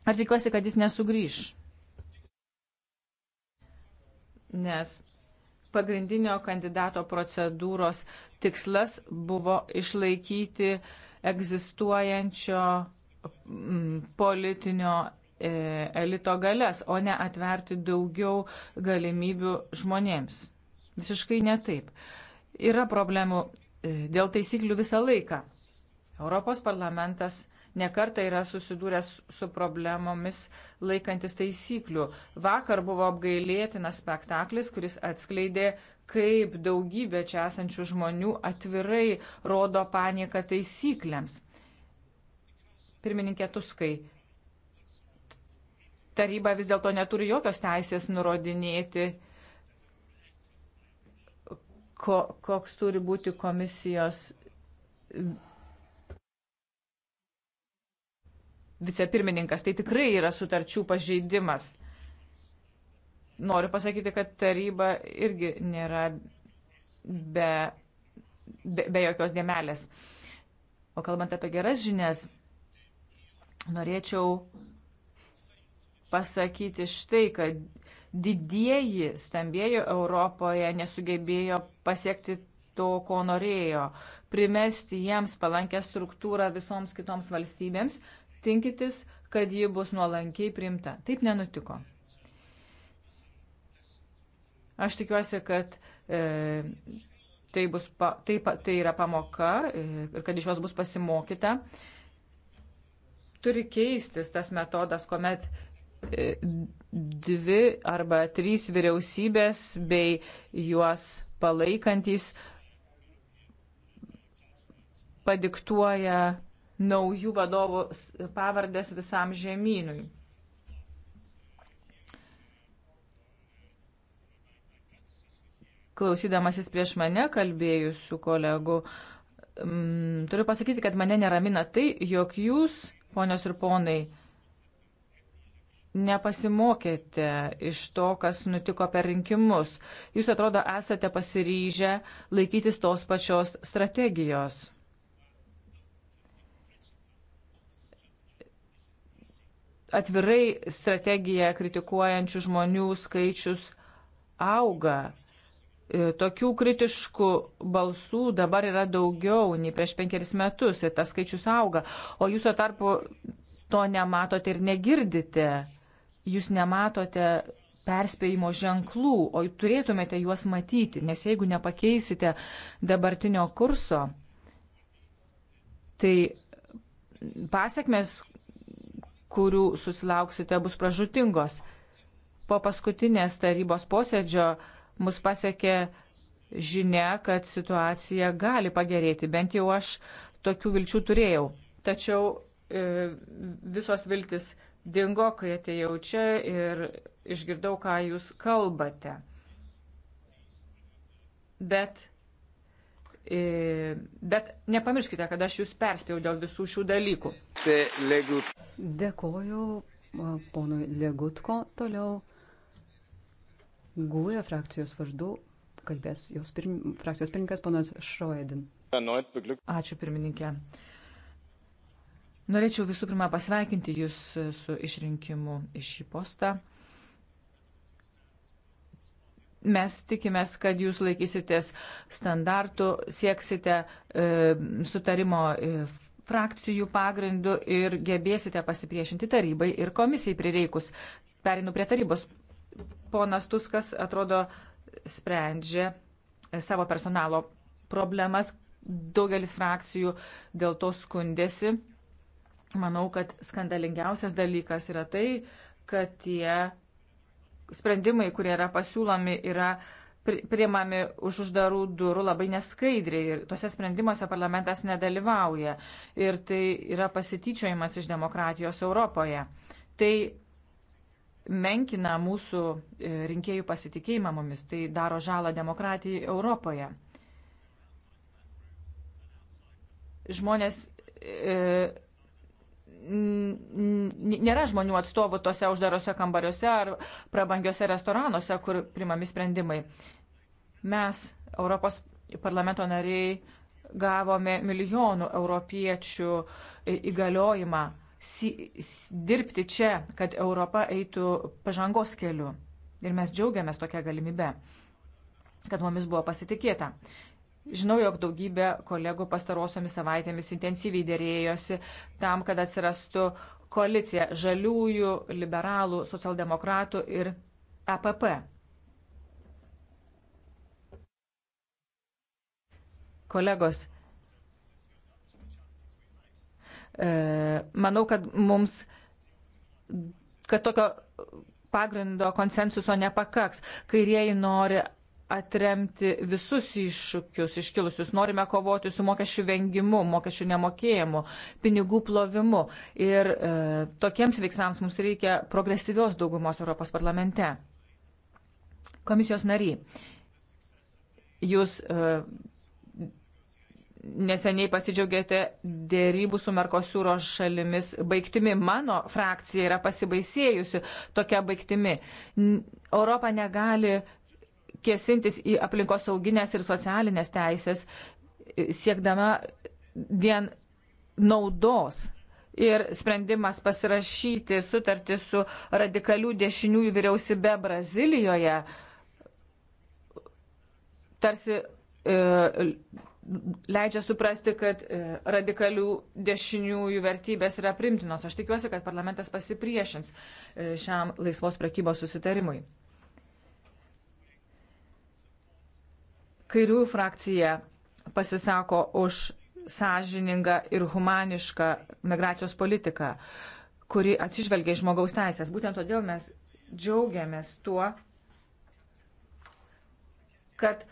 Ar tikiuosi, kad jis nesugrįž? Nes pagrindinio kandidato procedūros tikslas buvo išlaikyti egzistuojančio Mm, politinio e, elito galės, o ne atverti daugiau galimybių žmonėms. Visiškai netaip. Yra problemų e, dėl taisyklių visą laiką. Europos parlamentas nekarta yra susidūręs su problemomis laikantis taisyklių. Vakar buvo apgailėtinas spektaklis, kuris atskleidė, kaip daugybė čia esančių žmonių atvirai rodo panieką taisyklėms pirmininkė Tuskai. Taryba vis dėlto neturi jokios teisės nurodinėti, ko, koks turi būti komisijos vicepirmininkas. Tai tikrai yra sutarčių pažeidimas. Noriu pasakyti, kad taryba irgi nėra be, be, be jokios dėmelės. O kalbant apie geras žinias, norėčiau pasakyti štai, kad didieji stambėjai Europoje nesugebėjo pasiekti to, ko norėjo, primesti jiems palankę struktūrą visoms kitoms valstybėms, tinkitis, kad ji bus nuolankiai primta. Taip nenutiko. Aš tikiuosi, kad e, tai, bus pa, tai, pa, tai yra pamoka e, ir kad iš jos bus pasimokyta. E, turi keistis tas metodas, kuomet e, dvi arba trys vyriausybės bei juos palaikantys padiktuoja naujų vadovų pavardės visam žemynui. klausydamasis prieš mane kalbėjusių kolegų, m, turiu pasakyti, kad mane neramina tai, jog jūs ponios ir ponai, nepasimokėte iš to, kas nutiko per rinkimus. Jūs atrodo esate pasiryžę laikytis tos pačios strategijos. Atvirai strategiją kritikuojančių žmonių skaičius auga. E, tokių kritiškų balsų dabar yra daugiau nei prieš penkeris metus ir tas skaičius auga, o jūsų tarpu to nematote ir negirdite. Jūs nematote perspėjimo ženklų, o turėtumėte juos matyti, nes jeigu nepakeisite dabartinio kurso, tai pasiekmes, kurių susilauksite, bus pražutingos. Po paskutinės tarybos posėdžio uh, mus pasiekė žinia, kad situacija gali pagerėti. Bent jau aš tokių vilčių turėjau. Tačiau e, visos viltis dingo, kai atėjau čia ir išgirdau, ką jūs kalbate. Bet, e, bet nepamirškite, kad aš jūs perspėjau dėl visų šių dalykų. Dėkoju e, ponui Legutko. Toliau Guoja frakcijos vardu kalbės jos pirmin, frakcijos pirmininkas ponas Šroedin. Ačiū pirmininkė. Norėčiau visų pirma pasveikinti Jūs su išrinkimu iš šį postą. Mes tikimės, kad Jūs laikysitės standartų, sieksite e, sutarimo e, frakcijų pagrindų ir gebėsite pasipriešinti tarybai ir komisijai prireikus. Perinu prie tarybos ponas Tuskas atrodo sprendžia savo personalo problemas. Daugelis frakcijų dėl to skundėsi. Manau, kad skandalingiausias dalykas yra tai, kad tie sprendimai, kurie yra pasiūlomi, yra priimami už uždarų durų labai neskaidriai ir tuose sprendimuose parlamentas nedalyvauja. Ir tai yra pasityčiojimas iš demokratijos Europoje. Tai menkina mūsų e, rinkėjų pasitikėjimą mumis, tai daro žalą demokratijai Europoje. Žmonės e, nėra žmonių atstovų tose uždarose kambariuose ar prabangiuose restoranuose, kur primami sprendimai. Mes, Europos parlamento nariai, gavome milijonų europiečių e, įgaliojimą si dirbti čia, kad Europa eitų pažangos keliu. Ir mes džiaugiamės tokią galimybę, kad mumis buvo pasitikėta. Žinau, jog daugybė kolegų pastarosiomis savaitėmis intensyviai dėrėjosi tam, kad atsirastų koalicija žaliųjų, liberalų, socialdemokratų ir EPP. Kolegos, E, manau, kad mums, kad tokio pagrindo konsensuso nepakaks. Kairieji nori atremti visus iššūkius iškilusius. Norime kovoti su mokesčių vengimu, mokesčių nemokėjimu, pinigų plovimu. Ir e, tokiems veiksmams mums reikia progresyvios daugumos Europos parlamente. Komisijos nariai, jūs e, neseniai pasidžiaugėte dėrybų su Merkosiūro šalimis baigtimi. Mano frakcija yra pasibaisėjusi tokia baigtimi. Europa negali kėsintis į aplinkosauginės ir socialinės teisės, e, siekdama vien naudos. Ir sprendimas pasirašyti sutartį su radikalių dešiniųjų vyriausybe Brazilijoje tarsi e, leidžia suprasti, kad e, radikalių dešiniųjų vertybės yra primtinos. Aš tikiuosi, kad parlamentas pasipriešins e, šiam laisvos prekybos susitarimui. Kairiųjų frakcija pasisako už sąžiningą ir humanišką migracijos politiką, kuri atsižvelgia į žmogaus teisės. Būtent todėl mes džiaugiamės tuo, kad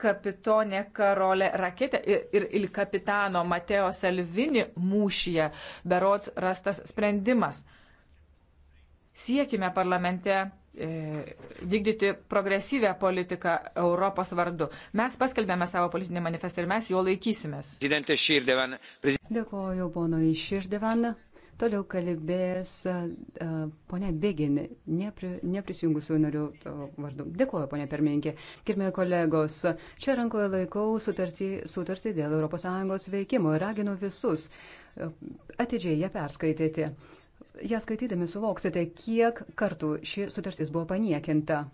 kapitone Karolė Raketė ir, ir il kapitano Mateo Salvini mūšyje berots rastas sprendimas. Siekime parlamente e, vykdyti progresyvę politiką Europos vardu. Mes paskelbėme savo politinį manifestą ir mes jo laikysimės. Dėkoju, ponui Širdevan. Toliau kalbės uh, ponia Beginė, nepri, neprisijungusių narių vardu. Dėkuoju, ponia pirmininkė. Kirmė kolegos, čia rankoje laikau sutartį, sutartį dėl ES veikimo ir raginu visus uh, atidžiai ją perskaityti. Ja skaitydami suvoksite, kiek kartų ši sutartis buvo paniekinta.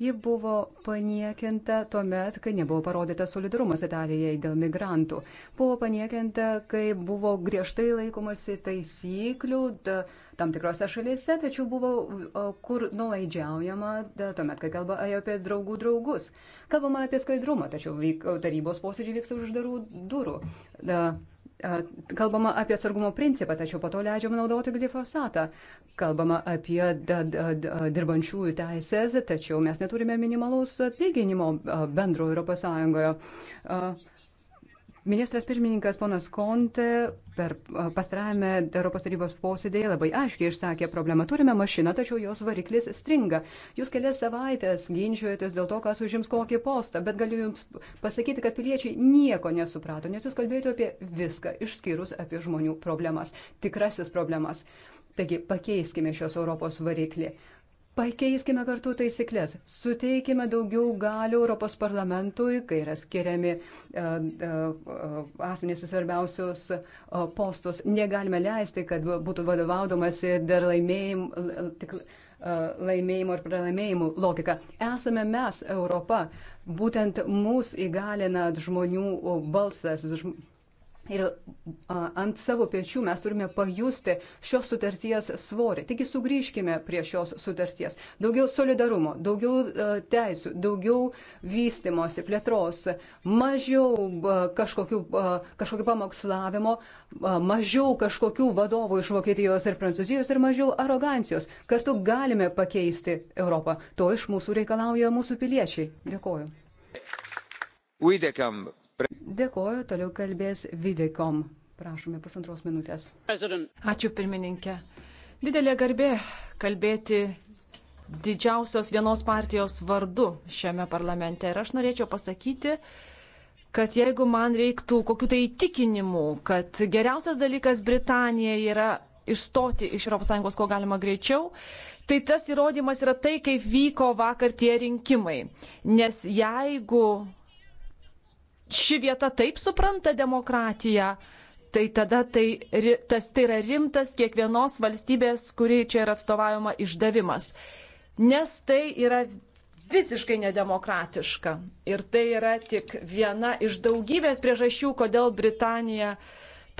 Ji buvo paniekinta tuo met, kai nebuvo parodytas solidarumas Italijai dėl migrantų. Buvo paniekinta, kai buvo griežtai laikomasi taisyklių da, tam tikrose šalyse, tačiau buvo o, kur nulaidžiaujama da, tuo met, kai kalba apie draugų draugus. Kalbama apie skaidrumą, tačiau vyk, tarybos posėdžiai vyksta už uždarų durų. Da, Kalbama apie atsargumo principą, tačiau po to leidžiama naudoti glifosatą. Kalbama apie dirbančiųjų teisės, tačiau mes neturime minimalaus atlyginimo bendro ES. Ministras pirmininkas ponas Konte per pastarajame Europos tarybos posėdėje labai aiškiai išsakė problemą. Turime mašiną, tačiau jos variklis stringa. Jūs kelias savaitės ginčiuojatės dėl to, kas užims kokį postą, bet galiu Jums pasakyti, kad piliečiai nieko nesuprato, nes Jūs kalbėjote apie viską, išskyrus apie žmonių problemas, tikrasis problemas. Taigi pakeiskime šios Europos variklį. Pakeiskime kartu taisyklės, suteikime daugiau galių Europos parlamentui, kai yra skiriami e, e, e, asmenys į svarbiausius postus. Negalime leisti, kad būtų vadovaudomasi dar laimėjim, tik, laimėjimų ir pralaimėjimų logika. Esame mes, Europa. Būtent mūsų įgalina žmonių balsas, žmonių Ir ant savo pečių mes turime pajusti šios sutarties svorį. Taigi sugrįžkime prie šios sutarties. Daugiau solidarumo, daugiau teisų, daugiau vystimosi, plėtros, mažiau kažkokių, kažkokių pamokslavimo, mažiau kažkokių vadovų iš Vokietijos ir Prancūzijos ir mažiau arogancijos. Kartu galime pakeisti Europą. To iš mūsų reikalauja mūsų piliečiai. Dėkoju. Uidekam Dėkoju, toliau kalbės Videkom. Prašome pusantros minutės. Ačiū pirmininkė. Didelė garbė kalbėti didžiausios vienos partijos vardu šiame parlamente. Ir aš norėčiau pasakyti, kad jeigu man reiktų kokiu tai įtikinimu, kad geriausias dalykas Britanija yra išstoti iš ES kuo galima greičiau, tai tas įrodymas yra tai, kaip vyko vakar tie rinkimai. Nes jeigu ši vieta taip supranta demokratiją, tai tada tai, tas, tai yra rimtas kiekvienos valstybės, kuri čia yra atstovaujama, išdavimas. Nes tai yra visiškai nedemokratiška. Ir tai yra tik viena iš daugybės priežasčių, kodėl Britanija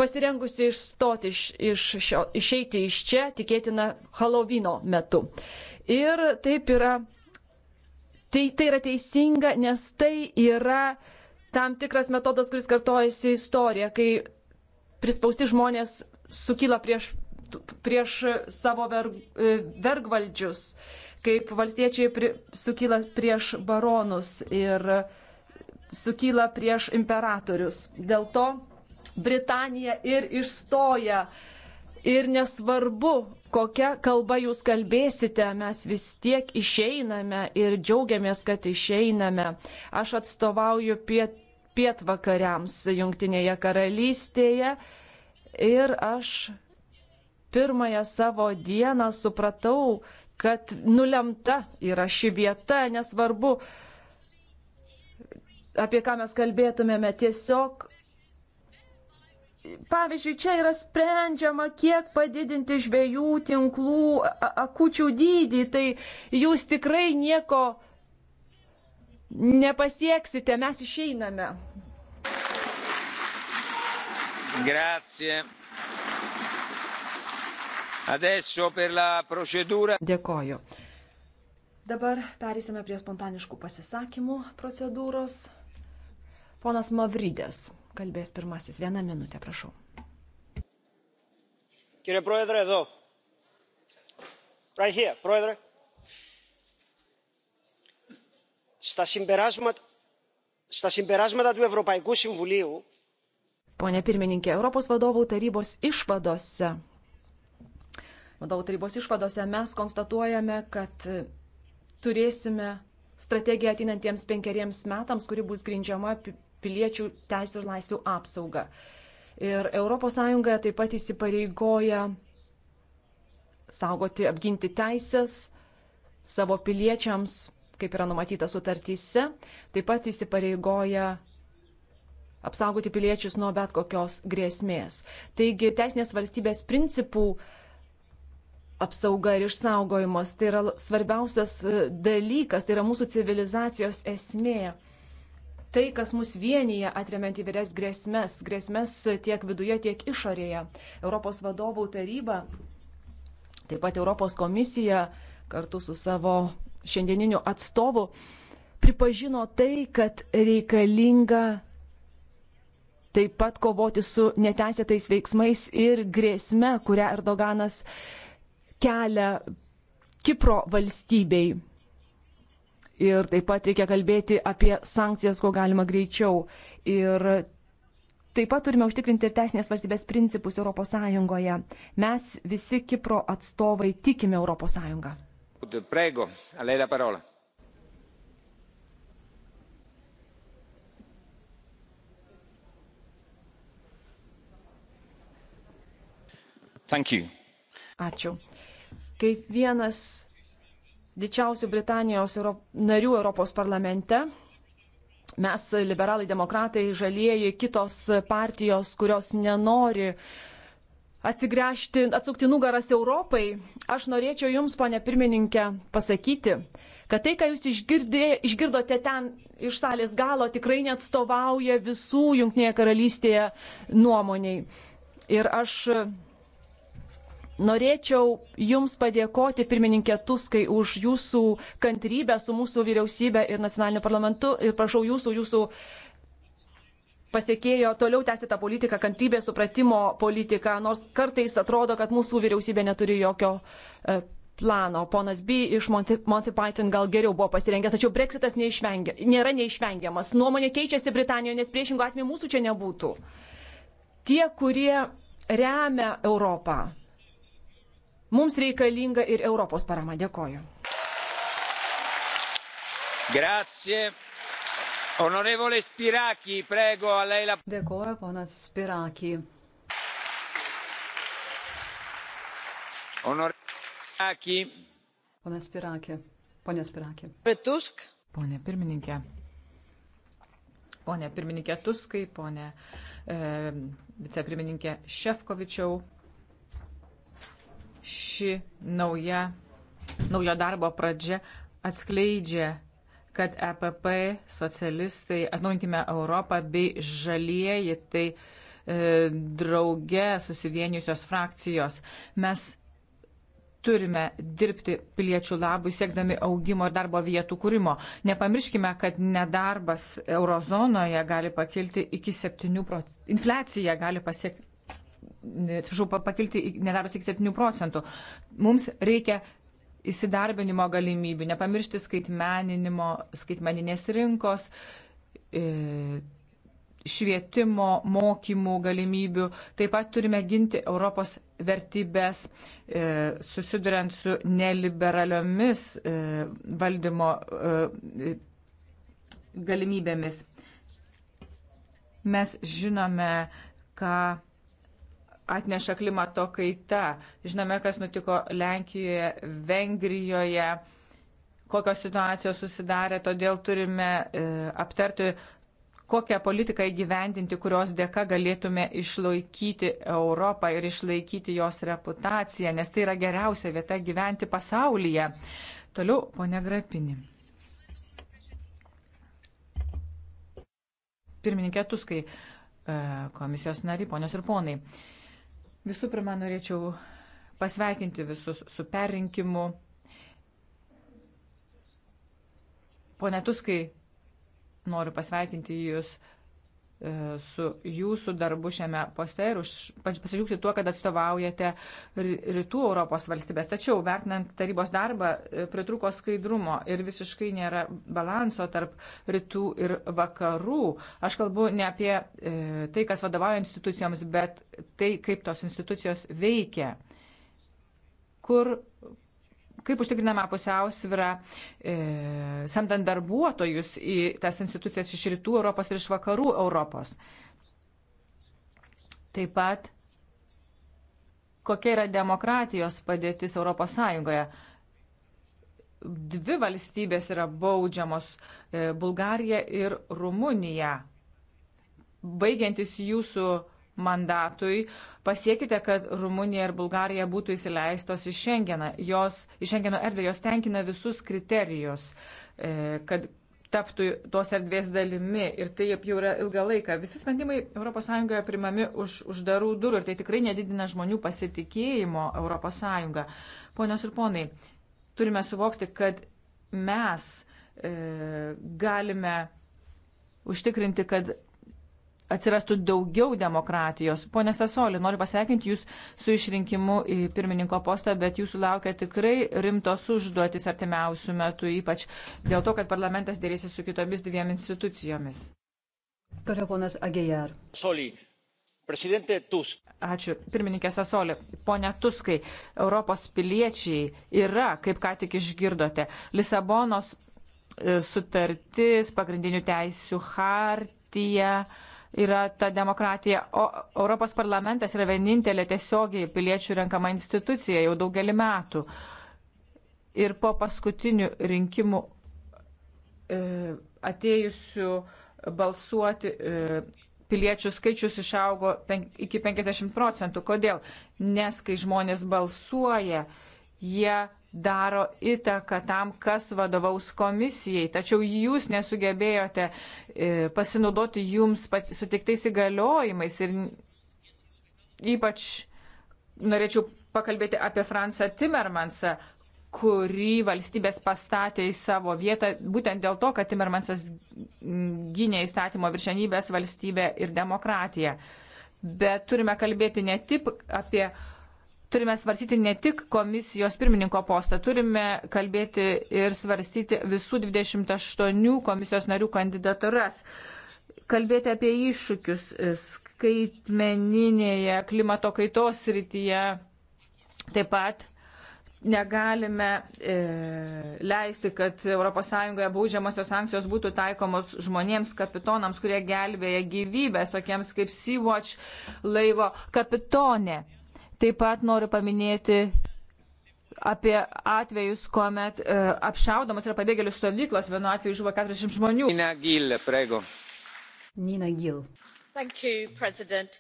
pasirengusi išstoti iš, iš šio, išeiti iš čia, tikėtina, Halovino metu. Ir taip yra, tai, tai yra teisinga, nes tai yra tam tikras metodas, kuris kartojasi istorija, kai prispausti žmonės sukyla prieš, prieš savo verg, vergvaldžius, kaip valstiečiai pri, sukyla prieš baronus ir sukyla prieš imperatorius. Dėl to Britanija ir išstoja uh, Ir nesvarbu, kokią kalbą jūs kalbėsite, mes vis tiek išeiname ir džiaugiamės, kad išeiname. Aš atstovauju piet, pietvakariams Junktinėje karalystėje ir aš pirmąją savo dieną supratau, kad nulemta yra ši vieta, nesvarbu, apie ką mes kalbėtumėme, tiesiog Pavyzdžiui, čia yra sprendžiama, kiek padidinti žvėjų tinklų akučių dydį, tai jūs tikrai nieko nepasieksite, mes išeiname. Grazie. Adesso per la procedura. Dėkoju. Dabar perėsime prie spontaniškų pasisakymų procedūros. Ponas Mavrydės kalbės pirmasis. Vieną minutę, prašau. Κύριε Πρόεδρε, εδώ. Right here, Πρόεδρε. Στα συμπεράσματα, στα συμπεράσματα του Ευρωπαϊκού Συμβουλίου. Pone pirmininkė, Europos vadovų tarybos išvadose. Vadovų tarybos išvadose mes konstatuojame, kad turėsime strategiją atinantiems penkeriems metams, kuri bus grindžiama piliečių teisų ir laisvių apsaugą. Ir ES taip pat įsipareigoja saugoti, apginti teisės savo piliečiams, kaip yra numatyta sutartyse, taip pat įsipareigoja apsaugoti piliečius nuo bet kokios grėsmės. Taigi teisinės valstybės principų apsauga ir išsaugojimas tai yra svarbiausias e, dalykas, tai yra mūsų civilizacijos esmė tai, kas mus vienyje atremiant įvairias grėsmes, grėsmes tiek viduje, tiek išorėje. Europos vadovų taryba, taip pat Europos komisija kartu su savo šiandieniniu atstovu pripažino tai, kad reikalinga taip pat kovoti su neteisėtais veiksmais ir grėsme, kurią Erdoganas kelia Kipro valstybei Ir taip pat reikia kalbėti apie sankcijas, ko galima greičiau. Ir taip pat turime užtikrinti ir teisinės valstybės principus ES. Mes visi Kipro atstovai tikime ES. Prego, a lei la parola. Ačiū. Kaip vienas didžiausių Britanijos Europ... narių Europos parlamente. Mes, liberalai demokratai, žalieji, kitos partijos, kurios nenori atsigręžti, atsukti nugaras Europai, aš norėčiau Jums, ponė pirmininkė, pasakyti, kad tai, ką Jūs išgirdė, išgirdote ten iš salės galo, tikrai neatstovauja visų Junktinėje karalystėje nuomoniai. Ir aš Norėčiau Jums padėkoti, pirmininkė Tuskai, už Jūsų kantrybę su mūsų vyriausybė ir nacionaliniu parlamentu ir prašau Jūsų, Jūsų pasiekėjo toliau tęsti tą politiką, kantrybės supratimo politiką, nors kartais atrodo, kad mūsų vyriausybė neturi jokio e, plano. Ponas B iš Monty, Monty Python gal geriau buvo pasirengęs, tačiau breksitas neišvengia, nėra neišvengiamas. Nuomonė keičiasi Britanijoje, nes priešingų atveju mūsų čia nebūtų. Tie, kurie remia Europą, Mums reikalinga ir Europos parama. Dėkoju. Grazie. Onorevole Spiraki, prego, a lei la... Dėkoju, ponas Spiraki. Ponas Spirakė. Pone Spirakė. Tusk. Pone pirmininkė. Pone pirmininkė Tuskai, pone e, vicepirmininkė Šefkovičiau, ši nauja, naujo darbo pradžia atskleidžia, kad EPP, socialistai, atnaujinkime Europą bei žalieji, tai e, drauge susivienijusios frakcijos. Mes turime dirbti piliečių labui, siekdami augimo ir darbo vietų kūrimo. Nepamirškime, kad nedarbas eurozonoje gali pakilti iki 7 procentų, infliacija gali pasiekti atsiprašau, pakilti nedarbas iki 7 procentų. Mums reikia įsidarbinimo galimybių, nepamiršti skaitmeninimo, skaitmeninės rinkos, e, švietimo, mokymų galimybių. Taip pat turime ginti Europos vertybės, e, susiduriant su neliberaliomis e, valdymo galimybėmis. Mes žinome, ką atneša klimato kaita. Žinome, kas nutiko Lenkijoje, Vengrijoje, kokios situacijos susidarė, todėl turime e, aptarti, kokią politiką įgyvendinti, kurios dėka galėtume išlaikyti Europą ir išlaikyti jos reputaciją, nes tai yra geriausia vieta gyventi pasaulyje. Toliau, ponia Grapini. Pirmininkė Tuskai, e, komisijos nariai, ponios ir ponai. Visų pirma, norėčiau pasveikinti visus su perrinkimu. Pone Tuskai, noriu pasveikinti Jūs E, su jūsų darbu šiame poste ir pasidžiaugti tuo, kad atstovaujate rytų Europos valstybės. Tačiau, vertinant tarybos darbą, e, pritruko skaidrumo ir visiškai nėra balanso tarp rytų ir vakarų. Aš kalbu ne apie e, tai, kas vadovauja institucijoms, bet tai, kaip tos institucijos veikia. Kur kaip užtikrinama pusiausvyrą, e, samdant darbuotojus į tas institucijas iš rytų Europos ir iš vakarų Europos. Taip pat, kokia yra demokratijos padėtis Europos Sąjungoje. Dvi valstybės yra baudžiamos e, - Bulgarija ir Rumunija. Baigiantis jūsų mandatui pasiekite, kad Rumunija ir Bulgarija būtų įsileistos į Šengeną. Jos, į Šengeno erdvę jos tenkina visus kriterijus, e, kad taptų tos erdvės dalimi. Ir tai jau yra ilgą laiką. Visi sprendimai ES primami už uždarų durų ir tai tikrai nedidina žmonių pasitikėjimo ES. Ponios ir ponai, turime suvokti, kad mes e, galime užtikrinti, kad atsirastų daugiau demokratijos. Pone Sasoli, noriu pasveikinti Jūs su išrinkimu į pirmininko postą, bet Jūsų laukia tikrai rimtos užduotis artimiausių metų, ypač dėl to, kad parlamentas dėrėsi su kitomis dviem institucijomis. Toliau ponas Agejar. Soli. Prezidente Tusk. Ačiū, pirmininkė Sasolė. Pone Tuskai, Europos piliečiai yra, kaip ką tik išgirdote, Lisabonos e, sutartis, pagrindinių teisių hartija, yra ta demokratija, o Europos parlamentas yra vienintelė tiesiogiai piliečių renkama institucija jau daugelį metų. Ir po paskutinių rinkimų e, atėjusių balsuoti e, piliečių skaičius išaugo penk, iki 50 procentų. Kodėl? Nes kai žmonės balsuoja, jie daro įtaką tam, kas vadovaus komisijai. Tačiau jūs nesugebėjote e, pasinaudoti jums sutiktais įgaliojimais ir ypač norėčiau pakalbėti apie Fransą Timmermansą, kurį valstybės pastatė į savo vietą, būtent dėl to, kad Timmermansas gynė įstatymo viršenybės valstybę ir demokratiją. Bet turime kalbėti ne tik apie uh, turime svarstyti ne tik komisijos pirmininko postą, turime kalbėti ir svarstyti visų 28 komisijos narių kandidaturas. Kalbėti apie iššūkius skaitmeninėje klimato kaitos rytyje. Taip pat negalime e, leisti, kad ES baudžiamosios sankcijos būtų taikomos žmonėms, kapitonams, kurie gelbėja gyvybės, tokiems kaip Sea-Watch laivo kapitonė. Taip pat noriu paminėti apie atvejus, kuomet e, apšaudomas yra pabėgėlių stovyklos. Vienu atveju žuvo 40 žmonių. Nina Gil, prego. Nina Gil. Thank you, President.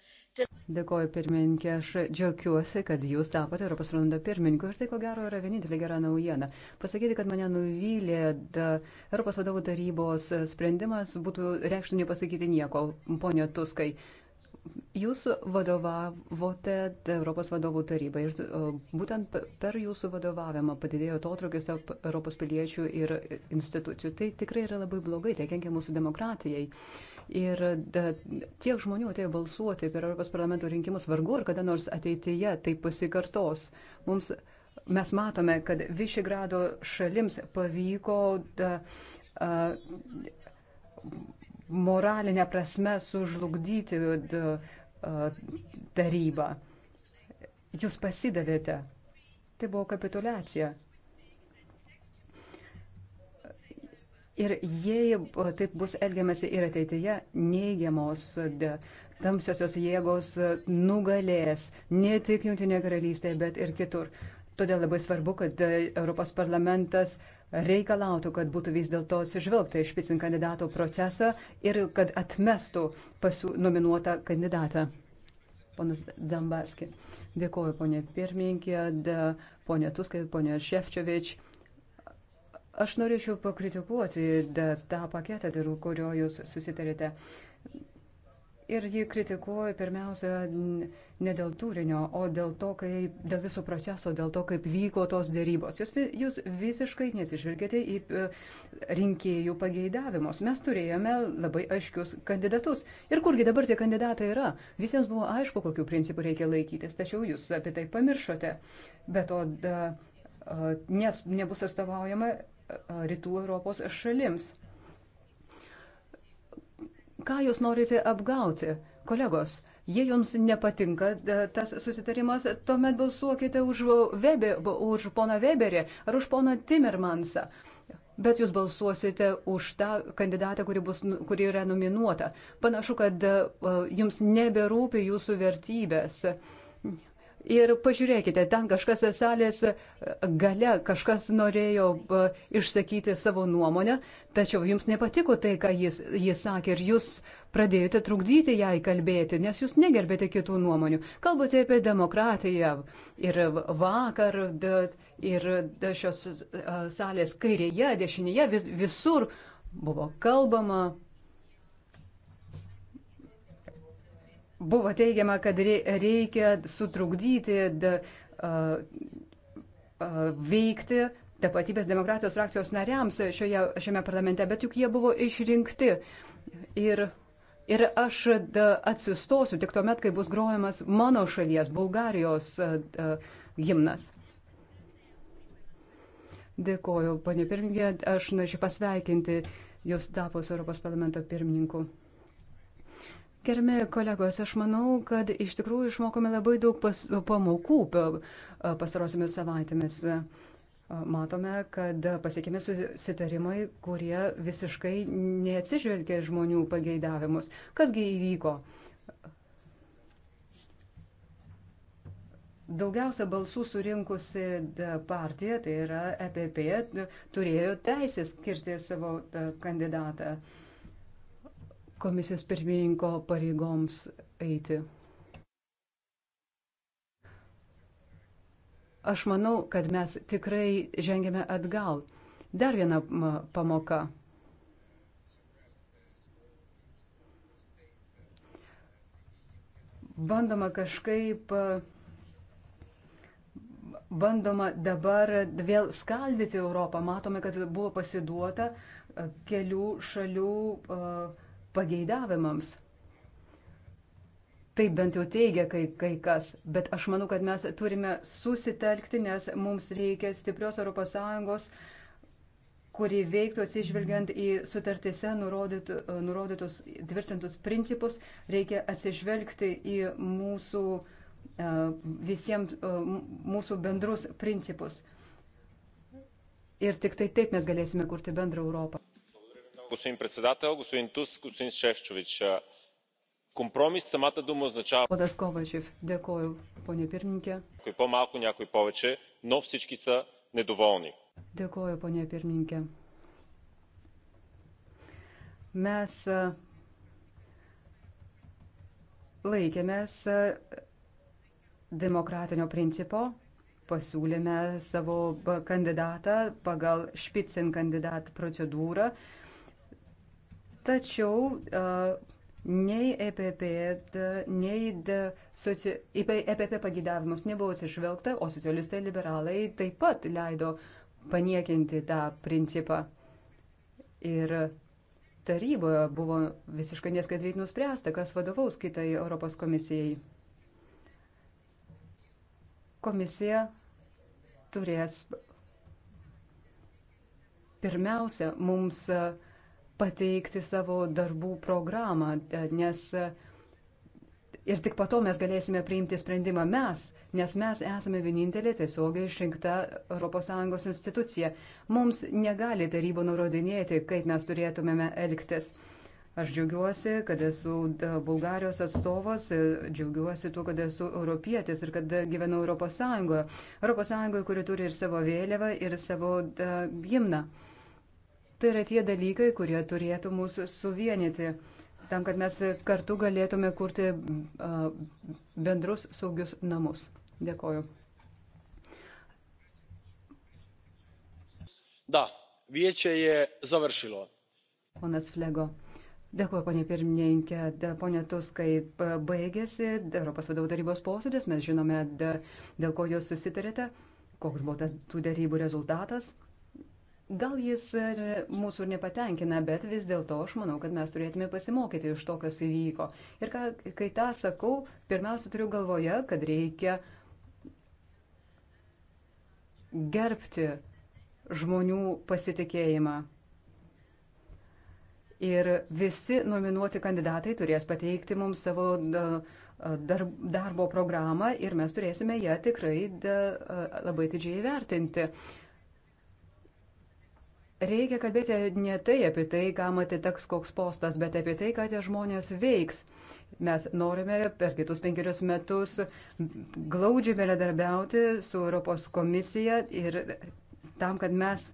Dėkoju pirmininkė, aš džiaugiuosi, kad jūs tapote Europos parlamento pirmininku ir tai ko gero yra vienintelė gera naujiena. Pasakyti, kad mane nuvylė da, Europos vadovų tarybos sprendimas, būtų reikštų nepasakyti nieko, ponio Tuskai. Jūs vadovavote Europos vadovų tarybai ir e, būtent per jūsų vadovavimą padidėjo atotrukis tarp Europos piliečių ir institucijų. Tai tikrai yra labai blogai, tai kenkia mūsų demokratijai. Ir da, e, tiek žmonių atėjo balsuoti per Europos parlamento rinkimus vargu ar kada nors ateityje tai pasikartos. Mums, mes matome, kad Višigrado šalims pavyko da, a, moralinę prasme sužlugdyti tarybą. Jūs pasidavėte. Tai buvo kapitulacija. Ir jei taip bus elgiamasi ir ateityje, neigiamos tamsiosios jėgos nugalės ne tik Junktinėje karalystėje, bet ir kitur. Todėl labai svarbu, kad Europos parlamentas uh, reikalautų, kad būtų vis dėlto sižvelgta iš picin kandidato procesą ir kad atmestų pasiū, nominuotą kandidatą. Ponas Dambaski. Dėkuoju, ponė pirmininkė, ponė Tuskai, ponė Šefčiovič. Aš norėčiau pakritikuoti tą paketą, dėl kurio jūs susitarėte. Ir jį kritikuoju pirmiausia ne dėl turinio, o dėl to, kaip, dėl viso proceso, dėl to, kaip vyko tos dėrybos. Jūs, jūs visiškai nesižvelgėte į e, rinkėjų pageidavimus. Mes turėjome labai aiškius kandidatus. Ir kurgi dabar tie kandidatai yra? Visiems buvo aišku, kokiu principu reikia laikytis, tačiau jūs apie tai pamiršote. Bet to, nes nebus atstovaujama rytų Europos šalims ką jūs norite apgauti, kolegos? Jei jums nepatinka e, tas susitarimas, tuomet balsuokite už, Weber, už poną Weberį ar už poną Timmermansą. Bet jūs balsuosite už tą kandidatą, kuri, bus, kuri yra nominuota. Panašu, kad e, jums neberūpi jūsų vertybės. Ir pažiūrėkite, ten kažkas salės gale, kažkas norėjo e, išsakyti savo nuomonę, tačiau jums nepatiko tai, ką jis, jis sakė, ir jūs pradėjote trukdyti jai kalbėti, nes jūs negerbėte kitų nuomonių. Kalbate apie demokratiją ir vakar, ir šios e, salės kairėje, dešinėje, visur buvo kalbama buvo teigiama, kad reikia sutrukdyti da, uh, uh, veikti tapatybės demokratijos frakcijos nariams šioje, šiame parlamente, bet juk jie buvo išrinkti. Ir, ir aš da, atsistosiu tik tuo met, kai bus grojamas mano šalies, Bulgarijos da, gimnas. Dėkoju, panė pirmininkė, aš norėčiau pasveikinti jūs tapus Europos parlamento pirmininku. Gerbėjai kolegos, aš manau, kad iš tikrųjų išmokome labai daug pas, pamokų pastarosiomis savaitėmis. Matome, kad pasiekime susitarimai, kurie visiškai neatsižvelgia žmonių pageidavimus. Kasgi įvyko? Daugiausia balsų surinkusi partija, tai yra EPP, turėjo teisę skirti savo kandidatą. Uh, komisijos pirmininko pareigoms eiti. Aš manau, kad mes tikrai žengėme atgal. Dar viena pamoka. Bandoma kažkaip, bandoma dabar vėl skaldyti Europą. Matome, kad buvo pasiduota e, kelių šalių uh, pageidavimams. Taip bent jau teigia kai, kai kas, bet aš manau, kad mes turime susitelkti, nes mums reikia stiprios ES, kuri veiktų atsižvelgiant į sutartise nurodyt, nurodytus tvirtintus principus, reikia atsižvelgti į mūsų e, visiems e, mūsų bendrus principus. Ir tik tai taip mes galėsime kurti bendrą Europą господин председател господин туск господин шефчович компромис самата дума означава Ponas Kovačev, dėkoju, ponė pirmininkė. Някой по-малко, някой повече, но всички са недоволни. Dėkoju, ponė pirmininkė. Mes laikėmės demokratinio principo, pasiūlėme savo kandidatą pagal špicin kandidat procedūrą Tačiau nei EPP, nei soci... EPP pagidavimus nebuvo atsižvelgta, o socialistai liberalai taip pat leido paniekinti tą principą. Ir taryboje buvo visiškai neskaidriai nuspręsta, kas vadovaus kitai Europos komisijai. Komisija turės pirmiausia mums uh, pateikti savo darbų programą, nes ir tik po to mes galėsime priimti sprendimą mes, nes mes esame vienintelė tiesiogiai išrinkta ES institucija. Mums negali taryba nurodinėti, kaip mes turėtumėme elgtis. Aš džiaugiuosi, kad esu Bulgarijos atstovas, džiaugiuosi tuo, kad esu europietis ir kad gyvenu ES. ES, kuri turi ir savo vėliavą, ir savo gimną. Uh, Tai yra tie dalykai, kurie turėtų mūsų suvienyti, tam, kad mes kartu galėtume kurti bendrus saugius namus. Dėkoju. Da, viečia je završilo. Ponas Flego. Dėkuoju, ponė pirmininkė, ponė Tuskai, baigėsi Europos vadovų tarybos posėdis, mes žinome, dėl ko jūs susitarėte, koks buvo tas tų darybų rezultatas. Gal jis ir mūsų nepatenkina, bet vis dėlto aš manau, kad mes turėtume pasimokyti iš to, kas įvyko. Ir ką, kai tą sakau, pirmiausia turiu galvoje, kad reikia gerbti žmonių pasitikėjimą. Ir visi nominuoti kandidatai turės pateikti mums savo darbo programą ir mes turėsime ją tikrai labai didžiai vertinti. Reikia kalbėti ne tai apie tai, kam atiteks koks postas, bet apie tai, ką tie žmonės veiks. Mes norime per kitus penkerius metus glaudžiai bendradarbiauti su Europos komisija ir tam, kad mes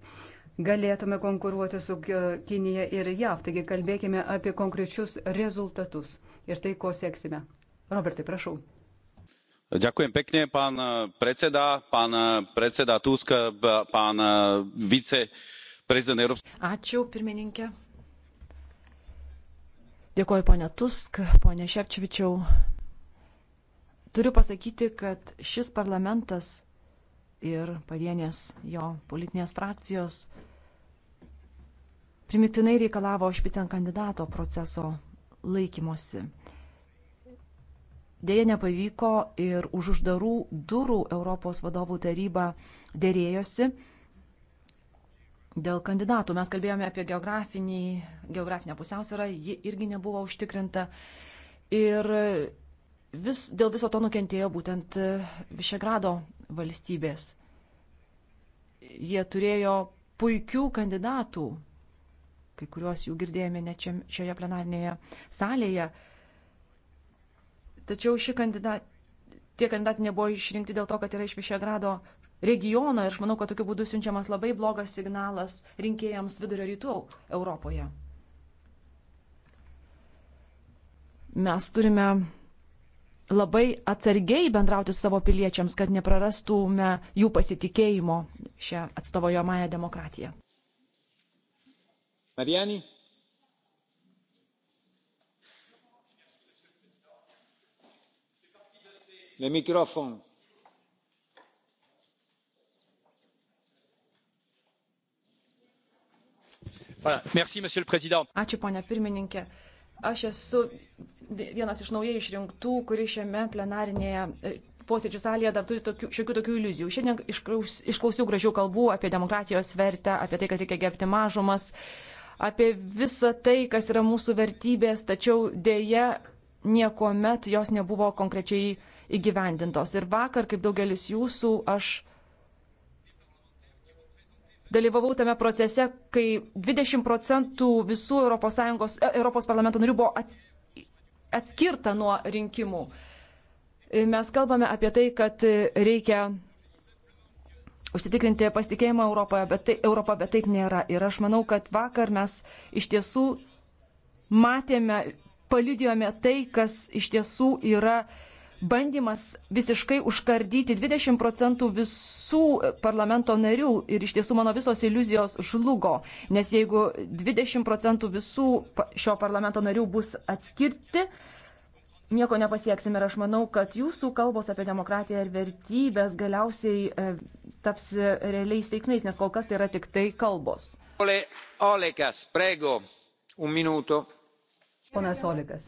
galėtume konkuruoti su Kinija ir JAV. Taigi kalbėkime apie konkrečius rezultatus ir tai, ko sieksime. Robertai, prašau. Ďakujem pekne, pán predseda, pán predseda Tusk, pán vice Ačiū, pirmininkė. Dėkoju, ponė Tusk, ponė Šepčevičiau. Turiu pasakyti, kad šis parlamentas ir pavienės jo politinės frakcijos primiktinai reikalavo špicen kandidato proceso laikymosi. Dėja nepavyko ir už uždarų durų Europos vadovų taryba dėrėjosi Dėl kandidatų mes kalbėjome apie geografinę pusiausvyrą, ji irgi nebuvo užtikrinta. Ir vis, dėl viso to nukentėjo būtent Višegrado valstybės. Jie turėjo puikių kandidatų, kai kuriuos jų girdėjome ne čia, šioje plenarnėje salėje. Tačiau ši kandidat, tie kandidatai nebuvo išrinkti dėl to, kad yra iš Višegrado regioną ir aš manau, kad tokiu būdu siunčiamas labai blogas signalas rinkėjams vidurio rytų Europoje. Mes turime labai atsargiai bendrauti su savo piliečiams, kad neprarastume jų pasitikėjimo šią atstovojamąją demokratiją. Mariani. Le microphone. Merci, monsieur le président. Ačiū, ponia pirmininkė. Aš esu vienas iš naujai išrinktų, kuri šiame plenarinėje e, posėdžių salėje dar turi tokių, šiokių tokių iliuzijų. Šiandien išklaus, išklausiau gražių kalbų apie demokratijos vertę, apie tai, kad reikia gerbti mažumas, apie visą tai, kas yra mūsų vertybės, tačiau dėja nieko met jos nebuvo konkrečiai įgyvendintos. Ir vakar, kaip daugelis jūsų, aš dalyvavau tame procese, kai 20 procentų visų ES, e, Europos parlamento narių buvo at, atskirta nuo rinkimų. E, mes kalbame apie tai, kad reikia užsitikrinti pasitikėjimą Europoje, bet, tai, Europą, bet taip nėra. Ir aš manau, kad vakar mes iš tiesų matėme, palidėjome tai, kas iš tiesų yra uh, bandymas visiškai užkardyti 20 procentų visų parlamento narių ir iš tiesų mano visos iliuzijos žlugo, nes jeigu 20 procentų visų šio parlamento narių bus atskirti, nieko nepasieksim ir aš manau, kad jūsų kalbos apie demokratiją ir vertybės galiausiai e, taps realiais veiksmais, nes kol kas tai yra tik tai kalbos. Ole, olekas, prego, un minuto. Ponas Olekas.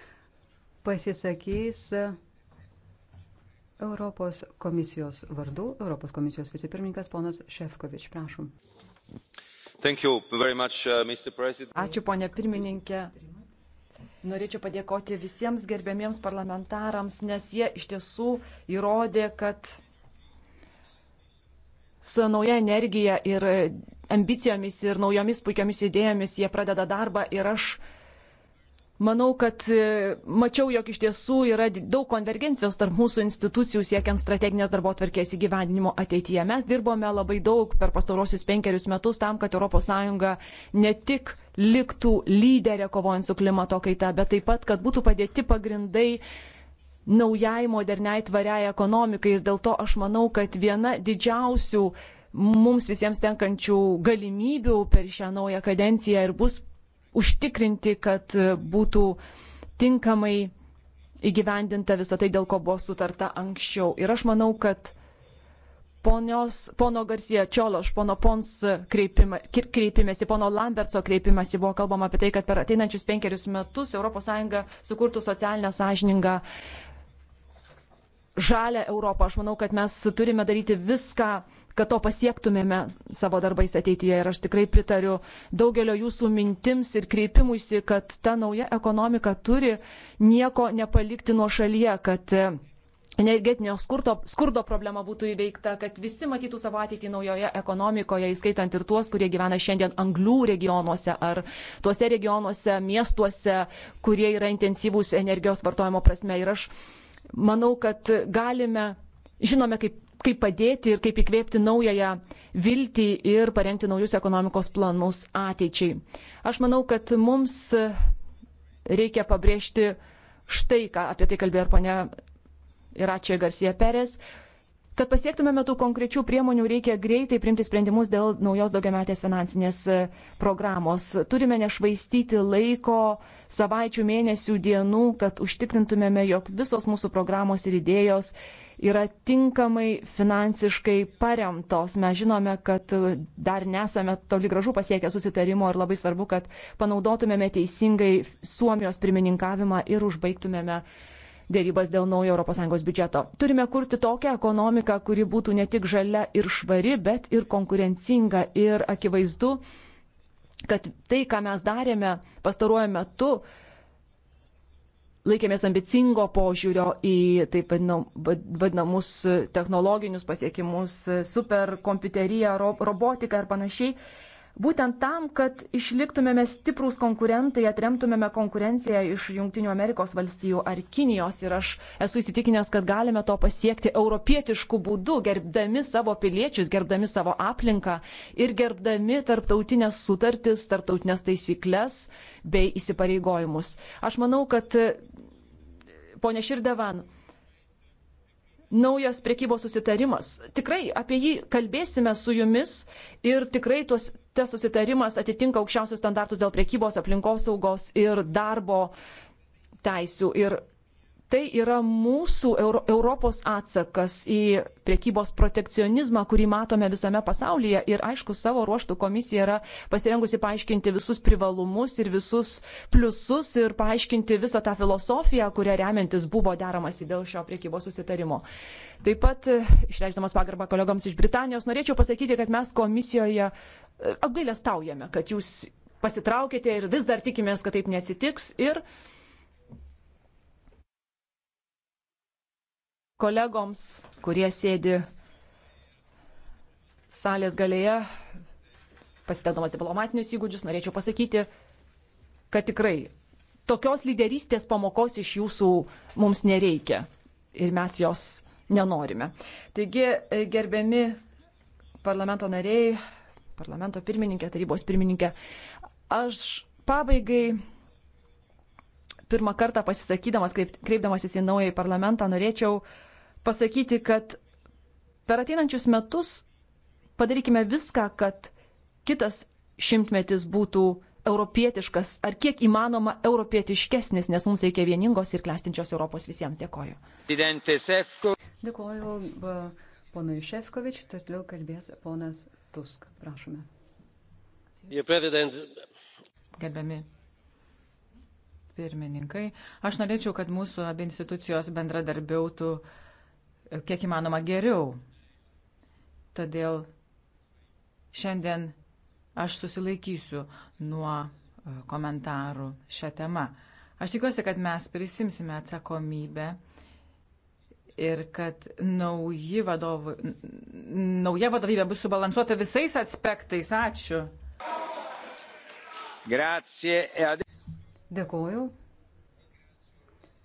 pasisakys Europos komisijos vardu Europos komisijos vicepirmininkas ponas Šefkovič. Prašom. Much, uh, Ačiū, ponė pirmininkė. Norėčiau padėkoti visiems gerbiamiems parlamentarams, nes jie iš tiesų įrodė, kad su nauja energija ir ambicijomis ir naujomis puikiamis idėjomis jie pradeda darbą ir aš uh, Manau, kad e, mačiau, jog iš tiesų yra daug konvergencijos tarp mūsų institucijų siekiant strateginės darbo atverkės įgyvendinimo ateityje. Mes dirbome labai daug per pastarosius penkerius metus tam, kad ES ne tik liktų lyderė kovojant su klimato kaita, bet taip pat, kad būtų padėti pagrindai naujai, moderniai, tvariai ekonomikai. Ir dėl to aš manau, kad viena didžiausių mums visiems tenkančių galimybių per šią naują kadenciją ir bus užtikrinti, kad būtų tinkamai įgyvendinta visą tai, dėl ko buvo sutarta anksčiau. Ir aš manau, kad ponios, pono Garcia Čiološ, pono Pons kreipima, kreipimėsi, pono Lambertso kreipimėsi buvo kalbama apie tai, kad per ateinančius penkerius metus ES sukurtų socialinę sąžiningą žalę Europą. Aš manau, kad mes turime daryti viską, kad to pasiektumėme savo darbais ateityje. Ir aš tikrai pritariu daugelio jūsų mintims ir kreipimuisi, kad ta nauja ekonomika turi nieko nepalikti nuo šalyje, kad e, energetinio skurto, skurdo problema būtų įveikta, kad visi matytų savo ateitį naujoje ekonomikoje, įskaitant ir tuos, kurie gyvena šiandien anglių regionuose ar tuose regionuose, miestuose, kurie yra intensyvūs energijos vartojimo prasme. Ir aš manau, kad galime, žinome, kaip kaip padėti ir kaip įkvėpti naująją viltį ir parengti naujus ekonomikos planus ateičiai. Aš manau, kad mums reikia pabrėžti štai ką, apie tai kalbėjo ir ponia Iračia Garcia Perez. Kad pasiektumėme tų konkrečių priemonių, reikia greitai priimti sprendimus dėl naujos daugiametės finansinės programos. Turime nešvaistyti laiko, savaičių, mėnesių, dienų, kad užtikrintumėme, jog visos mūsų programos ir idėjos yra tinkamai finansiškai paremtos. Mes žinome, kad dar nesame toli gražu pasiekę susitarimo ir labai svarbu, kad panaudotumėme teisingai Suomijos pirmininkavimą ir užbaigtumėme dėrybas dėl naujo ES biudžeto. Turime kurti tokią ekonomiką, kuri būtų ne tik žalia ir švari, bet ir konkurencinga ir akivaizdu, kad tai, ką mes darėme pastaruoju metu, laikėmės ambicingo požiūrio į taip vadinamus technologinius pasiekimus, superkompiuteriją, robotiką ir panašiai. Būtent tam, kad išliktumėme stiprūs konkurentai, atremtumėme konkurenciją iš Junktinių Amerikos valstijų ar Kinijos ir aš esu įsitikinęs, kad galime to pasiekti europietiškų būdų, gerbdami savo piliečius, gerbdami savo aplinką ir gerbdami tarptautinės sutartis, tarptautinės taisyklės bei įsipareigojimus. Aš manau, kad Pone Širdevan, naujas priekybos susitarimas. Tikrai apie jį kalbėsime su jumis ir tikrai tuos, tas susitarimas atitinka aukščiausius standartus dėl priekybos, aplinkos saugos ir darbo teisių. Ir tai yra mūsų Euro, Europos atsakas į priekybos protekcionizmą, kurį matome visame pasaulyje. Ir aišku, savo ruoštų komisija yra pasirengusi paaiškinti visus privalumus ir visus pliusus ir paaiškinti visą tą filosofiją, kuria remiantis buvo deramasi dėl šio priekybos susitarimo. Taip pat, išreikšdamas pagarbą kolegoms iš Britanijos, norėčiau pasakyti, kad mes komisijoje e, apgailę staujame, kad jūs pasitraukėte ir vis dar tikimės, kad taip neatsitiks. Ir kolegoms, kurie sėdi salės galėje, pasitelkdamas diplomatinius įgūdžius, norėčiau pasakyti, kad tikrai tokios lyderystės pamokos iš jūsų mums nereikia ir mes jos nenorime. Taigi, gerbiami parlamento nariai, parlamento pirmininkė, tarybos pirmininkė, aš pabaigai pirmą kartą pasisakydamas, kreip, kreipdamasis į naują parlamentą, norėčiau uh, pasakyti, kad per ateinančius metus padarykime viską, kad kitas šimtmetis būtų europietiškas ar kiek įmanoma europietiškesnis, nes mums reikia vieningos ir klestinčios Europos visiems. Dėkoju. Dėkoju ponui Šefkovič, toliau kalbės ponas Tusk. Prašome. Gerbiami pirmininkai, aš norėčiau, kad mūsų abi institucijos bendradarbiautų uh, kiek įmanoma geriau. Todėl šiandien aš susilaikysiu nuo e, komentarų šią temą. Aš tikiuosi, kad mes prisimsime atsakomybę ir kad nauji vadovai, nauja vadovybė bus subalansuota visais aspektais. Ačiū. Grazie. E Dėkuoju.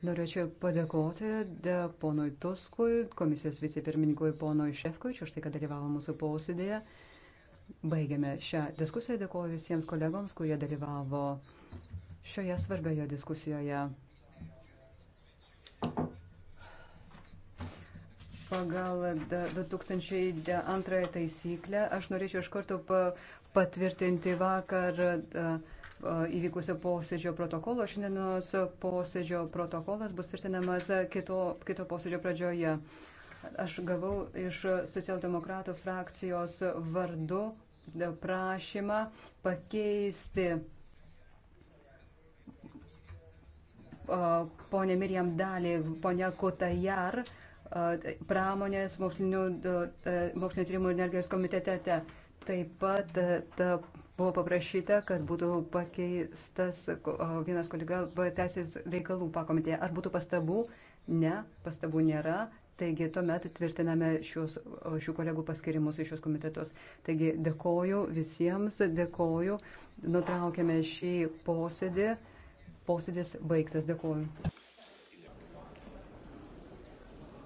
Norėčiau padėkoti ponui Tuskui, komisijos vicepirmininkui ponui Šefkovičiu už tai, kad dalyvavo mūsų posėdėje. Baigiame šią diskusiją. Dėkuoju visiems kolegoms, kurie dalyvavo šioje svarbioje diskusijoje. Pagal 2002 taisyklę aš norėčiau iš karto patvirtinti vakar. Da, įvykusio posėdžio protokolo. Šiandienos posėdžio protokolas bus tvirtinamas kito, kito posėdžio pradžioje. Aš gavau iš socialdemokratų frakcijos vardu prašymą pakeisti ponę Mirjam Dalį, ponę Kotajar pramonės mokslinių, e, mokslinių tyrimų ir energijos komitete. Taip pat e, ta, buvo paprašyta, kad būtų pakeistas vienas kolega teisės reikalų pakomitėje. Ar būtų pastabų? Ne, pastabų nėra. Taigi tuomet tvirtiname šios, šių kolegų paskirimus į šios komitetus. Taigi dėkoju visiems, dėkoju. Nutraukėme šį posėdį. Posėdis baigtas. Dėkoju.